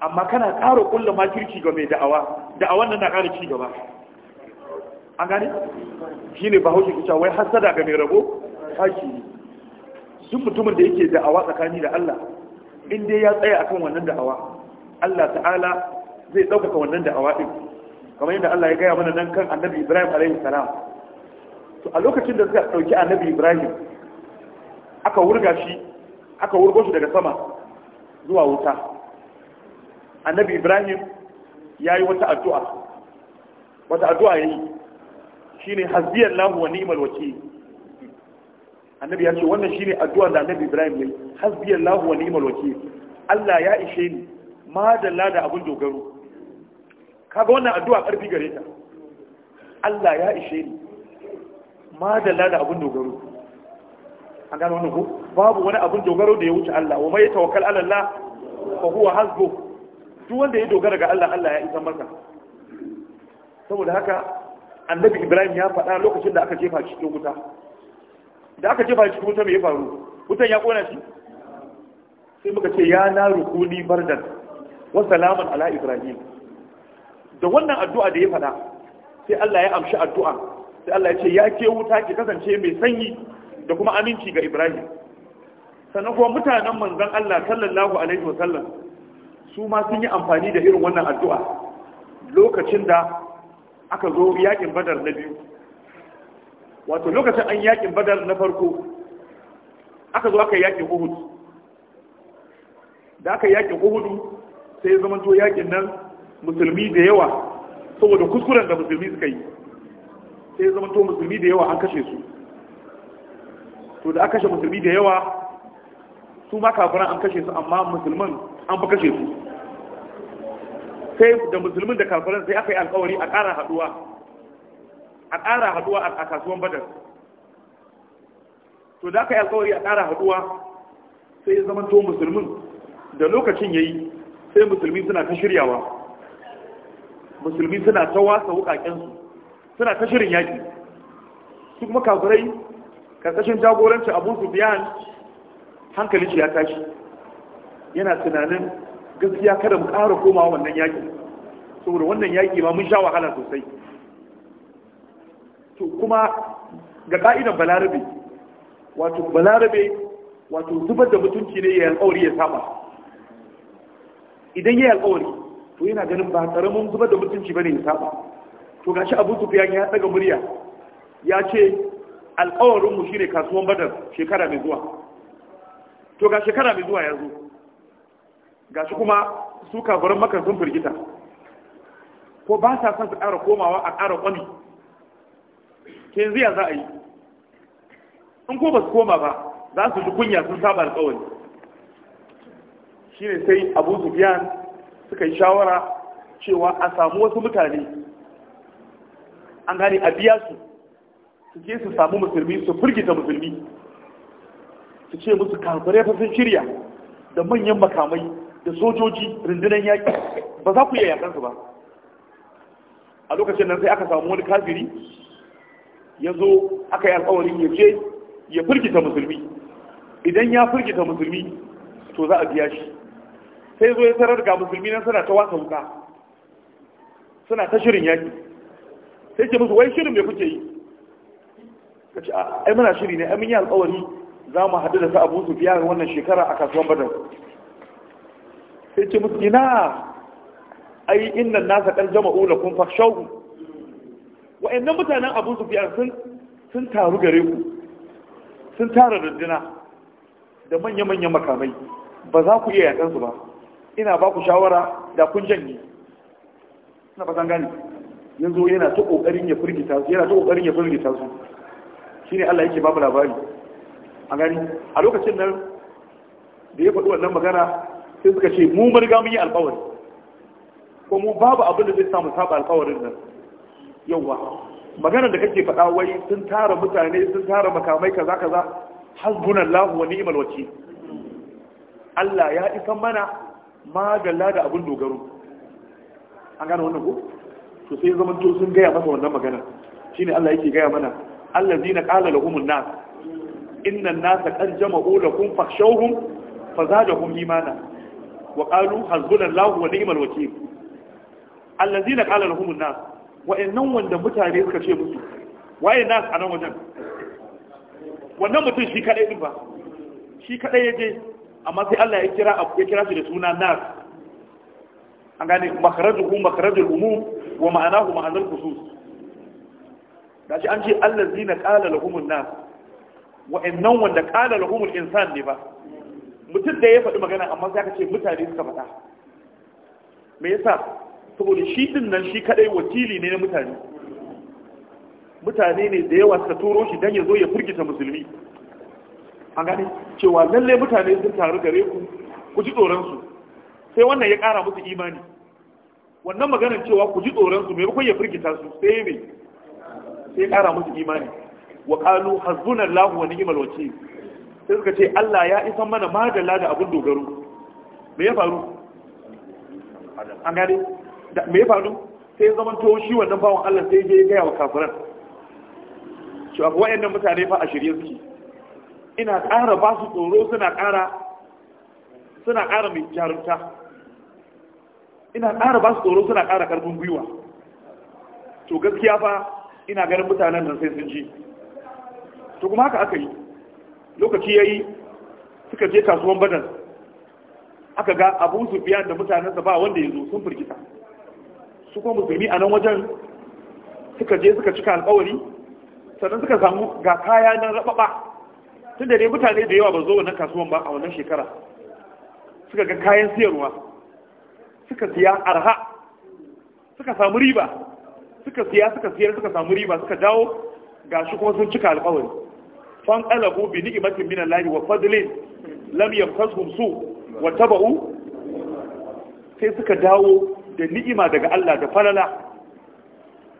amma kana ƙara kulla makirci ga mai da'awa da'awan nan na ƙara ci gaba an gane shi ne bahaushe kusa wai hasada ga mai rabo haki ne duk mutumin da yake da'awa tsakani da Allah in dai ya tsaya akan wannan da'awa Allah ta'ala zai ɗaukaka wannan da'awa ɗin kamar yadda Allah ya gaya mana nan kan annabi Ibrahim alaihi salam to a lokacin da suka ɗauki annabi Ibrahim aka wurga shi aka wurgo shi daga sama zuwa wuta annabi Ibrahim ya yi wata addu'a wata addu'a ya yi shine lahu wa ni'mal wakil annabi ya ce wannan shine addu'a da annabi Ibrahim yayi lahu wa ni'mal wakil Allah ya ishe ni ma da abun dogaro kaga wannan addu'a karfi gare ta Allah ya ishe ni ma da abun dogaro an gano wannan ko babu wani abun dogaro da ya wuce Allah wa mai tawakkal ala Allah fa huwa hasbu duk wanda ya dogara ga Allah Allah ya isa masa saboda haka annabi ibrahim ya faɗa lokacin da aka jefa shi cikin wuta da aka jefa shi cikin wuta mai faru wutan ya kona shi sai muka ce ya na rukuni bardan wa salaman ala ibrahim da wannan addu'a da ya faɗa sai Allah ya amshi addu'a sai Allah ya ce ya ke wuta ki kasance mai sanyi da kuma aminci ga ibrahim sannan kuma mutanen manzon Allah sallallahu alaihi wa sallam su ma sun yi amfani da irin wannan addu'a lokacin da aka zo yakin badar na biyu wato lokacin an yakin badar na farko aka zo aka yakin uhud da aka yakin uhud sai zama to yakin nan musulmi da yawa saboda kuskuren da musulmi suka yi sai zama to musulmi da yawa an kashe su to da aka kashe musulmi da yawa su ma kafiran an kashe su amma musulman an fa kashe su sai da musulmin da kafiran sai aka yi alkawari a ƙara haduwa a ƙara haduwa a kasuwan badar to da aka yi alkawari a ƙara haduwa sai ya zama to musulmin da lokacin ya yi sai musulmi suna ta shiryawa musulmi suna ta wasa wukakensu suna ta shirin yaƙi su kuma kafirai karkashin jagoranci abu su biyan hankali shi ya tashi yana tunanin gaskiya kada mu ƙara komawa wannan yaƙi saboda wannan yaƙi ma mun sha wahala sosai to kuma ga ka'idan balarabe wato balarabe wato zubar da mutunci ne ya alƙawari ya saba idan ya alƙawari to yana ganin ba ƙaramin zubar da mutunci bane ya saba to gashi abu sufiyan ya ɗaga murya ya ce alƙawarinmu shi shine kasuwan badar shekara mai zuwa to ga shekara mai zuwa ya zo ga shi kuma su kafirin maka sun firgita ko ba sa son su ƙara komawa a ƙara ƙwami? ke yanzu za a yi in ko ba su koma ba za su ji kunya sun saba alƙawari shi ne sai abu su suka yi shawara cewa a samu wasu mutane an gani a biya su su je su samu musulmi su firgita musulmi su ce musu kafare fa shirya da manyan makamai da sojoji rundunar yaƙi ba za ku iya yaƙansu ba a lokacin nan sai aka samu wani kafiri ya zo aka yi alkawarin ya ce ya firgita musulmi idan ya firgita musulmi to za a biya shi sai zo ya tarar ga musulmi nan suna ta wasa wuka suna ta shirin yaƙi sai ce musu wai shirin mai kuke yi ka ce a ai muna shiri ne ai mun yi alkawari za mu haɗu da sa abu su biya wannan shekara a kasuwan badar sai ce musu ina ai inna nasa kar jama'u lakum Wa wa'annan mutanen Abu Sufyan sun sun taru gare ku sun tara runduna da manya-manyan makamai ba za ku iya yakan su ba ina ba ku shawara da kun janye ina ba gani yanzu yana ta kokarin ya firgita su yana ta kokarin ya firgita su shine Allah yake babu labari a gani a lokacin nan da ya faɗi wannan magana sai suka ce mu riga mun yi alkawari ko mu babu abin da zai samu saba alkawarin nan ba, magana da kake faɗa wai sun tara mutane sun tara makamai kaza kaza hasbunallahu wa ni'mal wakil Allah ya isan mana magalla da abin dogaro an gane wannan ko to sai zaman to sun gaya masa wannan magana shine Allah yake gaya mana allazina qala lahumun nas inna an-nasa qad jama'u lakum fakhshawhum fazadahum imana wa qalu hasbunallahu wa ni'mal wakeel allazina qala lahum an-nas wa'annan wanda mutane suka ce musu waye nas a nan wajen wannan mutum shi kadai din ba shi kadai yaje amma sai Allah ya kira ya kira shi da suna nas an gane makharajuhu makharajul umum wa ma'anahu ma'anal khusus gashi an ce allazina qala lahum an-nas wa'annan wanda qala lahum al-insan ne ba mutum da ya faɗi magana amma za ka ce mutane suka faɗa me yasa saboda shi din nan shi kadai wakili ne na mutane mutane ne da yawa suka turo shi don ya zo ya furgita musulmi an gane cewa lalle mutane sun taru gare ku ku ji tsoron su sai wannan ya ƙara musu imani wannan maganar cewa ku ji tsoron su maimakon ya firgita su sai me sai ƙara musu imani wa qalu hasbunallahu wa ni'mal wakeel sai suka ce Allah ya isan mana madalla da abin dogaro me ya faru an gane me ya faru sai ya zama toshi wannan bawon Allah sai ya gaya wa kafiran shi abu wayannan mutane fa a shirye suke ina ƙara ba su tsoro suna ƙara suna ƙara mai jarumta ina ƙara ba su tsoro suna ƙara ƙarfin gwiwa to gaskiya fa ina ganin mutanen nan sai sun ji to kuma haka aka yi lokaci ya yi suka je kasuwan badar aka ga abu biyan da mutanensa ba wanda ya zo sun firgita su kuma musulmi a nan wajen suka je suka cika alkawari sannan suka samu ga kaya na rababa tun da ne mutane da yawa ba zo wannan kasuwan ba a wannan shekara suka ga kayan siyarwa suka siya arha suka samu riba suka siya suka siyar suka samu riba suka dawo ga shi kuma sun cika alkawari fan qalabu bi ni'matin min Allah wa fadlin lam yabkhasuhum su wa tabu sai suka dawo da ni'ima daga Allah da falala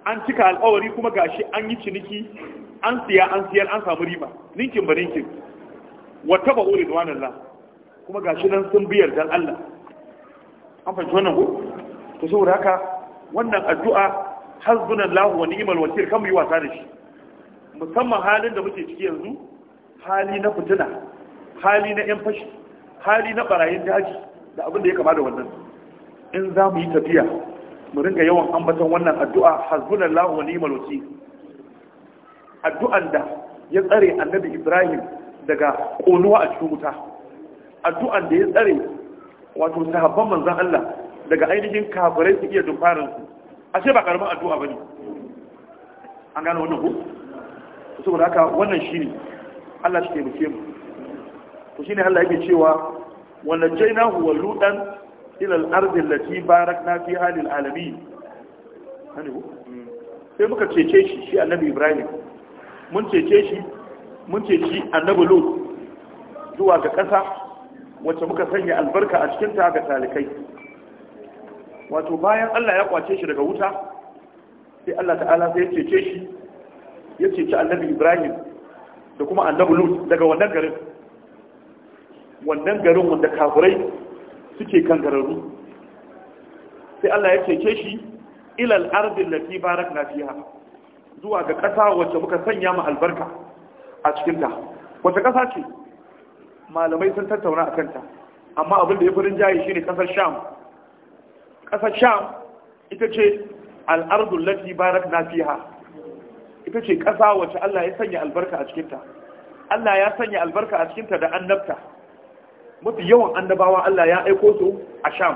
an cika alƙawari kuma gashi an yi ciniki an siya an siyar an samu riba ninkin ba ninkin wa tabu ridwanallah kuma gashi nan sun biyar dan Allah an fahimci wannan ko to saboda haka wannan addu'a hasbunan lahu wa ni'mal wakil kan yi wasa da shi musamman halin da muke ciki yanzu hali na fitina hali na 'yan fashi hali na barayin daji da abin da ya kama da wannan in za mu yi tafiya mu ringa yawan ambatan wannan addu'a hasbunallahu wa ni'mal maloci. addu'an da ya tsare annabi ibrahim daga konuwa a cikin wuta addu'an da ya tsare wato sahabban manzan Allah daga ainihin kafirai su iya dumfarin su ashe ba karamin addu'a bane an gano wannan ku saboda haka wannan shi ne Allah shi taimake mu to shi ne Allah yake cewa wa najjaynahu wa lutan ila al-ardi allati barak na fi halin alami. sai muka cece shi shi annabi Ibrahim mun cece shi mun ceci annabi Lut zuwa ga ƙasa wacce muka sanya albarka a cikin ta ga talikai wato bayan Allah ya kwace shi daga wuta sai Allah ta'ala sai ya cece shi ya ceci annabi ibrahim da kuma annabi lut daga wannan garin wannan garin wanda kafirai suke kan kangararru sai Allah ya ce shi ilal ardin lati barakna fiha zuwa ga ƙasa wacce muka sanya mu albarka a cikin ta wacce ƙasa ce malamai sun tattauna a kanta amma abin da ya fi rinjaye shine ƙasar sham ƙasar sham ita ce al'ardun lati barakna fiha ita ce ƙasa wacce Allah ya sanya albarka a cikinta Allah ya sanya albarka a cikinta da annabta mafi yawan annabawa Allah ya aiko su a sham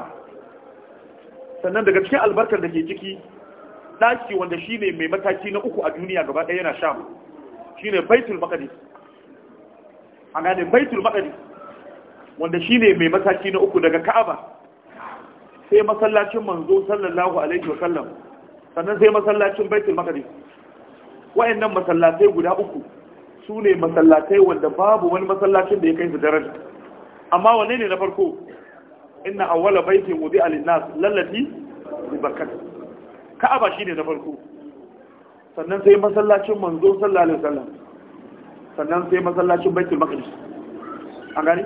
sannan daga cikin albarkar da ke ciki ɗaki wanda shi ne mai mataki na uku a duniya gaba ɗaya yana sham shi ne baitul maƙadis a gane baitul maƙadis wanda shi ne mai mataki na uku daga ka'aba sai masallacin manzo sallallahu alaihi wa sallam sannan sai masallacin baitul maƙadis wayannan masallatai guda uku su ne masallatai wanda babu wani masallacin da ya kai su daraja amma wane ne na farko inna awwala baitin wudi alinnas lallati bi barkat ka'aba shine na farko sannan sai masallacin manzo sallallahu alaihi wasallam sannan sai masallacin baitul maqdis A gani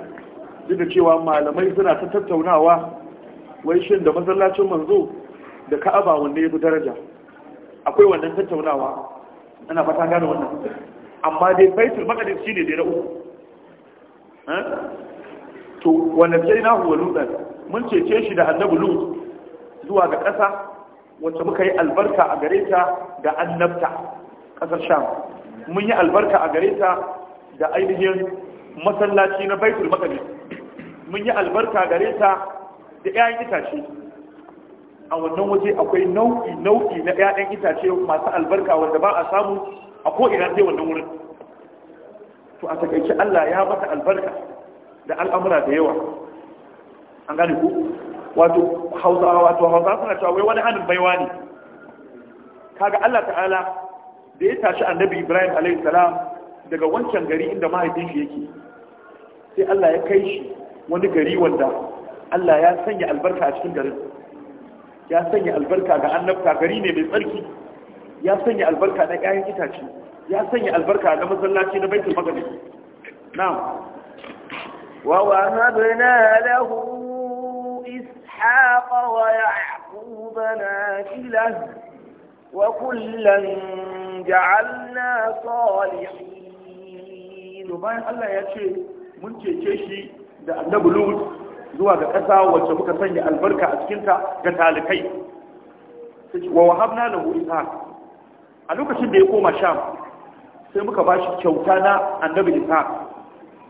duk cewa malamai suna ta tattaunawa wai shin da masallacin manzo da ka'aba wanne ya fi daraja akwai wannan tattaunawa ana fata gane wannan amma dai baitul maqdis shine dai na uku to wanda sai na huwa lutan mun cece shi da annabi lut zuwa ga ƙasa wacce muka yi albarka a gare ta da annabta ƙasar sham mun yi albarka a gare ta da ainihin masallaci na baitul maqdis mun yi albarka gare ta da 'ya'yan itace a wannan waje akwai nau'i nau'i na 'ya'yan itace masu albarka wanda ba a samu a ko ina sai wannan wurin to a takaice Allah ya mata albarka da al'amura da yawa an gane ku wato Hausa. wato Hausa suna cewa wai wani hannun baiwa ne kaga Allah ta'ala da ya tashi annabi Ibrahim alaihi salam daga wancan gari inda mahaifin shi yake sai Allah ya kai shi wani gari wanda Allah ya sanya albarka a cikin garin ya sanya albarka ga annabta gari ne mai tsarki ya sanya albarka na ƴaƴan itace ya sanya albarka ga masallaci na baitul maqdis na'am wa wahabna lahu ishaqa wa ya'qub nafilah wa kullan ja'alna salihin bayan Allah ya ce mun cece shi da annabi Lut zuwa ga ƙasa wacce muka sanya albarka a cikinta ga talikai wa wahabna lahu ishaq a lokacin da ya koma sham sai muka ba shi kyauta na annabi ishaq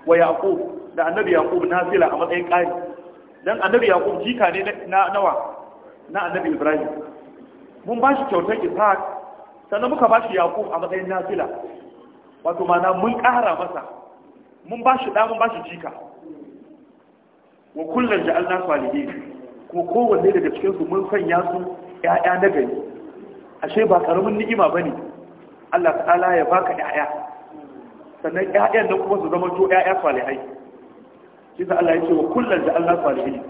wa yaqub da annabi yaqub zila a matsayin ƙari Don annabi yaqub jika ne na nawa na annabi ibrahim mun ba shi kyautar ishaq sannan muka ba shi yaqub a matsayin nazila wato mana mun ƙara masa mun ba shi ɗa mun ba shi jika wa kullum da Allah salihin kuma kowanne daga cikin su mun sanya su ƴaƴa na gari ashe ba karamin ni'ima bane Allah ta'ala ya baka ƴaƴa sannan ƴaƴan nan kuma su zama to ƴaƴa salihai shi sa Allah ya ce wa kullum da Allah salihin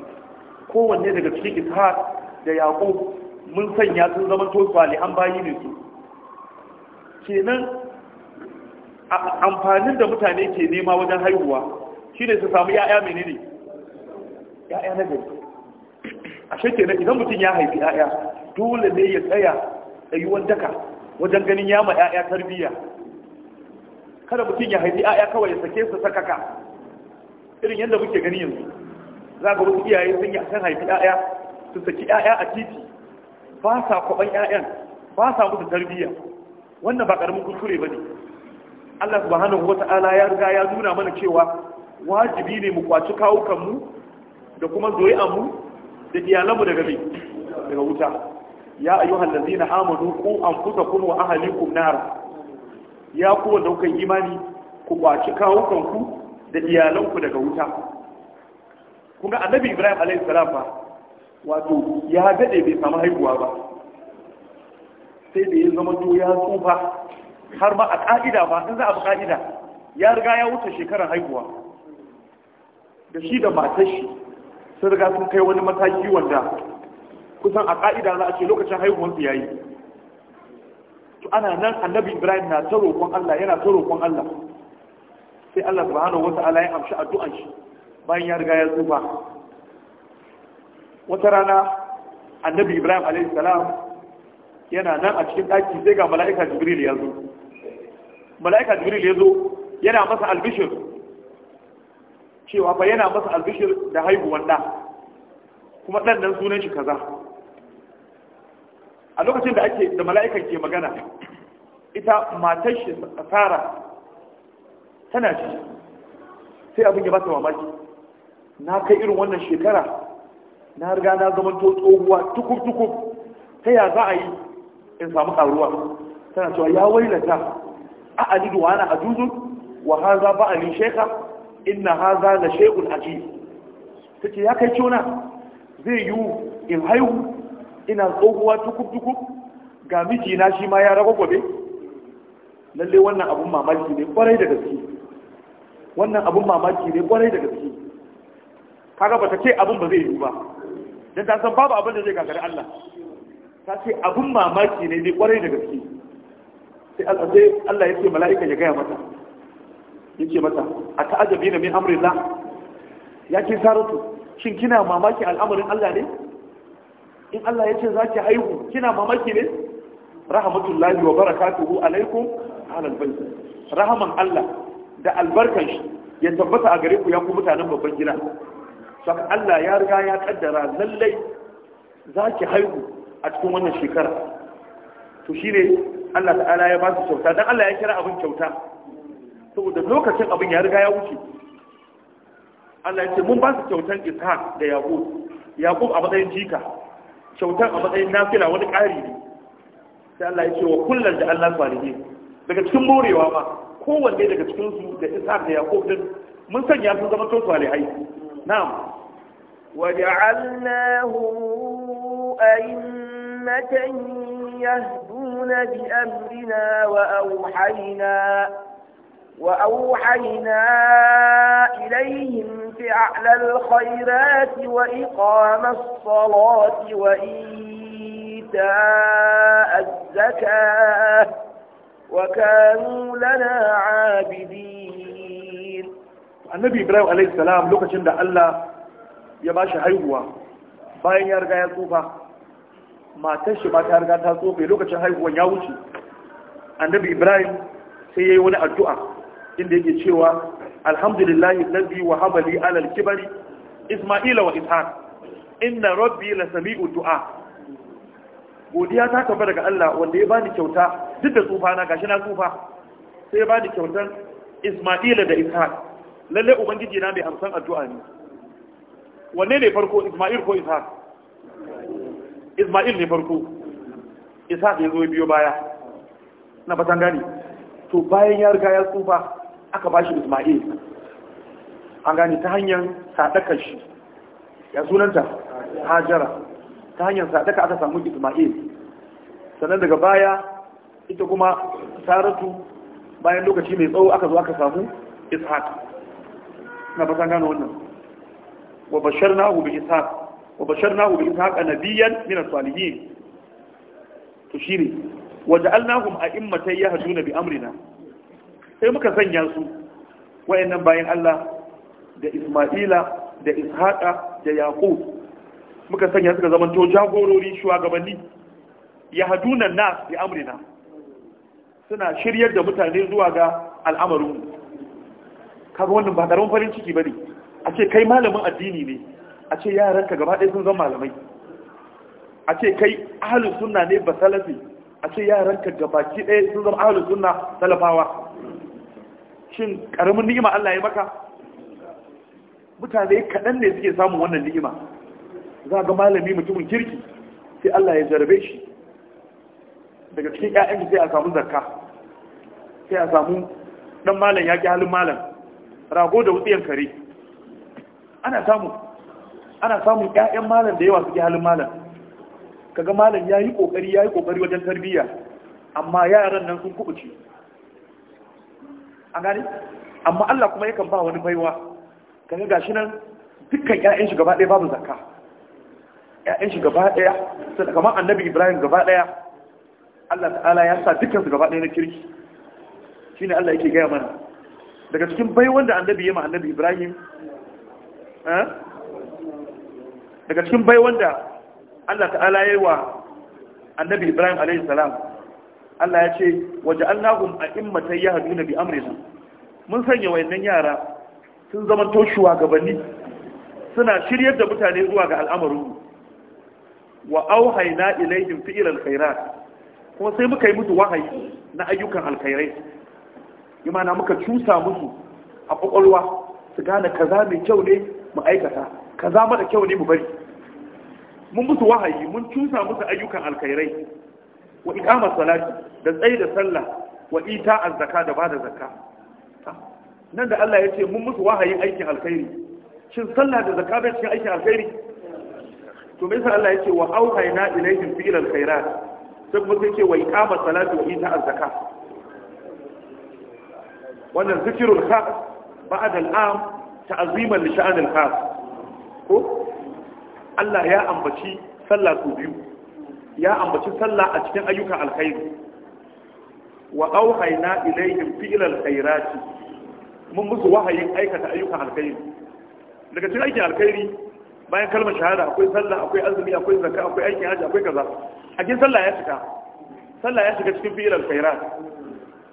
kowanne daga cikin Ishaq da Yaqub mun sanya sun zama to an bayi ne su kenan amfanin da mutane ke nema wajen haihuwa shine su samu ƴaƴa menene ya'ya na gari a shekke na idan mutum ya haifi ya'ya dole ne ya tsaya tsayuwan daka wajen ganin ya ma ya'ya tarbiyya kada mutum ya haifi ya'ya kawai ya sake su sakaka irin yadda muke gani yanzu za ga wasu iyaye sun yi san haifi ya'ya su saki ya'ya a titi ba sa kwaban ya'yan ba sa musu tarbiyya wannan ba karamin kuskure ba ne Allah subhanahu wa ta'ala ya riga ya nuna mana cewa wajibi ne mu kwaci kawukanmu da kuma zuri'anmu da iyalanmu daga mai daga wuta ya Amadu ko an kusa anfusakum wa ahlikum nara ya ku wanda imani ku kwaci kawukanku da iyalanku daga wuta Kuma annabi Ibrahim alaihi salam ba wato ya dade bai samu haihuwa ba sai da ya zama ya tsufa har ma a ka'ida ba in za a ka'ida ya riga ya wuce shekarar haihuwa da shi da matar sun riga sun kai wani mataki wanda kusan a ka'ida za a ce lokacin haihuwansu ya yi to ana nan annabi ibrahim na ta roƙon allah yana ta roƙon allah sai allah subhanahu wata'ala ya amshi addu'an shi bayan ya riga ya tsufa wata rana annabi ibrahim alaihi salam yana nan a cikin ɗaki sai ga mala'ika jibril ya zo mala'ika jibril ya zo yana masa albishir cewa fa yana masa albishir da haihuwan da kuma dan nan sunan shi kaza a lokacin da ake da mala'ikan ke magana ita matar shi tsara tana shi. sai abin ya bata ta mamaki na kai irin wannan shekara na riga na zama tsohuwa tukub-tukub ta ya za a yi in samu karuwa tana cewa ya wailata a alidu wa ana ajuzun wa haza ba ali sheka inna haza la shay'un ajib take ya kai ciwona zai yi in haihu ina tsohuwa tukub tukub ga miji na shi ma ya rago gobe lalle wannan abun mamaki ne kwarai da gaske wannan abun mamaki ne kwarai da gaske kaga ta ce abun ba zai yi ba dan ta san babu abin da zai gagari Allah ta ce abun mamaki ne ne kwarai da gaske sai Allah ya ce mala'ika ya gaya mata yake mata a ta'ajabi na min amrillah ya ke saratu shin kina mamaki al'amarin Allah ne in Allah ya ce za ki haihu kina mamaki ne rahmatullahi wa barakatuhu alaikum alal bayt rahaman Allah da albarkan shi ya tabbata a gare ku ya ku mutanen babban gida saka Allah ya riga ya kaddara lallai za ki haihu a cikin wannan shekara to shine Allah ta'ala ya ba su kyauta dan Allah ya kira abin kyauta saboda lokacin abin ya riga ya wuce Allah ya ce mun ba su kyautan ishaq da yaqub yaqub a matsayin jika kyautan a matsayin nafila wani ƙari ne sai Allah ya ce wa kullum da Allah salihin daga cikin morewa ma kowanne daga cikin su da ishaq da yaqub din mun sanya sun zama to salihai na'am yahduna bi amrina wa awhayna وأوحينا إليهم فعل الخيرات وإقام الصلاة وإيتاء الزكاة وكانوا لنا عابدين النبي إبراهيم عليه السلام لوكا شند الله يا باشا هيوا باين يرجع يا صوفا ما تشي ما ترجع تصوفي لوكا شند هيوا يا وشي النبي إبراهيم sai ya inda yake cewa alhamdulillahi allazi wa habali ala al-kibari isma'ila wa ishaq inna rabbi la sami'u du'a godiya ta tabbata daga Allah wanda ya bani kyauta duk da tsufa na gashi na tsufa sai ya bani kyautan isma'ila da ishaq lalle ubangiji na mai amsan addu'a ne wanne ne farko isma'il ko ishaq isma'il ne farko ishaq ya zo biyo baya na batangani. to bayan ya riga ya tsufa aka ba shi ismail an gane ta hanyar sadakar shi ya sunanta hajara ta hanyar sadaka aka samu ismail sannan daga baya ita kuma saratu bayan lokaci mai tsawo aka zo aka samu ishaq na fasan gano wannan wa basharnahu nahu bi ishaq wa basharnahu nahu bi ishaq nabiyyan min as-salihin to shine ja'alnahum a'immatan yahduna bi amrina sai muka sanya su wayannan bayan Allah da Isma'ila da Ishaqa da Yaqub muka sanya su ga zaman to jagorori shugabanni yahduna nas bi amrina suna shiryar da mutane zuwa ga al'amarin kaga wannan ba karamin farin ciki bane a ce kai malamin addini ne a ce yaranka gaba ɗaya sun zama malamai a ce kai ahlus sunna ne ba salafi a ce yaranka gabaki ɗaya sun zama ahlus sunna salafawa shin karamin ni'ima Allah ya maka mutane kaɗan ne suke samun wannan ni'ima za ga malami mutumin kirki sai Allah ya jarabe shi daga cikin ƴaƴan sai a samu zakka sai a samu dan malam ya ki halin malam rago da wutsiyan kare ana samu ana samun ƴaƴan malam da yawa su ki halin malam kaga malam yayi kokari yayi kokari wajen tarbiyya amma yaran nan sun kubuce an gane amma Allah kuma yakan ba wani baiwa ga gashi nan dukkan ƴaƴan shi gaba ɗaya babu zakka ƴaƴan shi gaba ɗaya sai kamar annabi Ibrahim gaba ɗaya Allah ta'ala ya sa dukkan su gaba ɗaya na kirki shine Allah yake gaya mana daga cikin baiwan da annabi ya ma annabi Ibrahim eh daga cikin baiwan da Allah ta'ala ya yi wa annabi Ibrahim alayhi salam Allah ya ce waje allahum a immata ya haɗu na bi amurisa mun sanya wayannan yara sun zama toshuwa gabanni suna shiryar da mutane zuwa ga al'amarin wa auhayna ilaihim fi'l alkhaira kuma sai muka yi musu wahayi na ayyukan alkhairai yi mana muka cusa musu a kwakwalwa su gane kaza mai kyau ne mu aikata kaza mara kyau ne mu bari mun musu wahayi mun cusa musu ayyukan alkhairai wa iqamar salati da tsayi da sallah wa ita az-zaka da bada zakka nan da Allah ya ce mun musu wahayin aikin alkhairi shin sallah da zaka bai cikin aikin alkhairi to me yasa Allah ya ce wa auhayna ilayhim fi'l alkhairat sai kuma sai ce wa iqamar salati wa ita az-zaka wannan zikirul khas ba'da al-am ta'ziman li sha'an al-khas ko Allah ya ambaci sallah su biyu ya ambaci sallah a cikin ayyukan alkhairi wa auhayna ilayhim fi'l alkhairati mun musu wahayin aikata ayyukan alkhairi daga cikin aikin alkhairi bayan kalmar shahada akwai sallah akwai azumi akwai zakka akwai aikin haji akwai kaza a cikin sallah ya shiga sallah ya shiga cikin fi'l alkhairat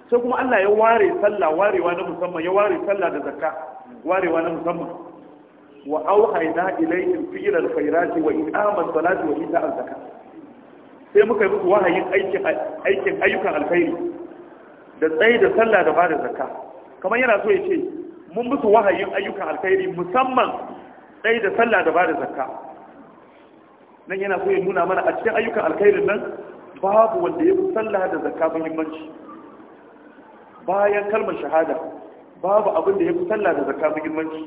sai kuma Allah ya ware sallah warewa na musamman ya ware sallah da zakka warewa na musamman wa auhayna ilayhim fi'l alkhairati wa iqamat salati wa ita'a zakka sai muka yi musu wahayin aikin ayyukan alkhairi da tsaye da sallah da bada zakka kamar yana so ya ce mun musu wahayin ayyukan alkhairi musamman tsaye da sallah da bada zakka nan yana so ya nuna mana a cikin ayyukan alkhairin nan babu wanda ya fi sallah da zakka muhimmanci bayan kalmar shahada babu abin da ya fi sallah da zakka muhimmanci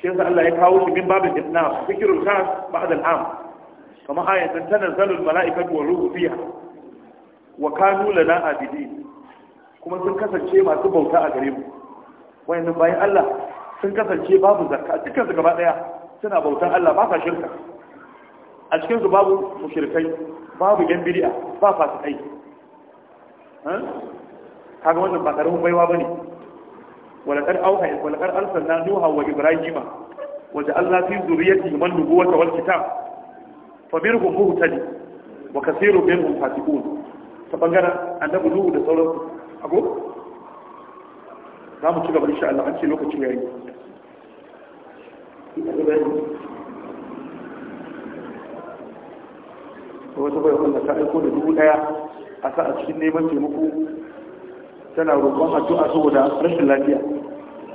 shi yasa Allah ya kawo shi min babin ibna fikirul khas ba'da al-am Kama kamar ayatan tanazzalul mala'ikatu wa ruhu fiha wa kanu lana abidin kuma sun kasance masu bauta a gare mu wayannan bayan Allah sun kasance babu zakka dukkan su gaba daya suna bautan Allah ba sa shirka a cikin su babu mushrikai babu yan bid'a ba fasikai kaga wannan ba karamin baiwa bane wala kad auha wala kad arsalna nuha wa ibrahima wa ja'alna fi dhurriyyatihim an-nubuwata wal kitab wa minhum muhtadi wa kaseeru minhum fasiqun ta bangaren annabi nuhu da sauran ago za mu ci gaba insha Allah an ce lokacin yayi wata bai wanda ta aiko da dubu daya a sa a cikin neman taimako tana roƙon addu'a saboda rashin lafiya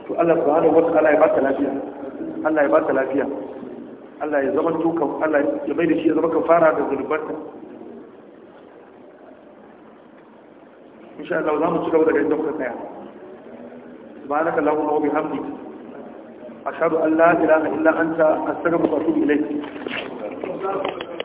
to Allah subhanahu wa ta'ala ya ba ta lafiya Allah ya ba ta lafiya Allah ya zama tukan Allah ya bai da shi ya zama kafara da zulubanta insha Allah za mu ci gaba daga inda muka tsaya subhanaka allahumma wa bihamdik ashhadu an la ilaha illa anta astaghfiruka wa atubu ilayk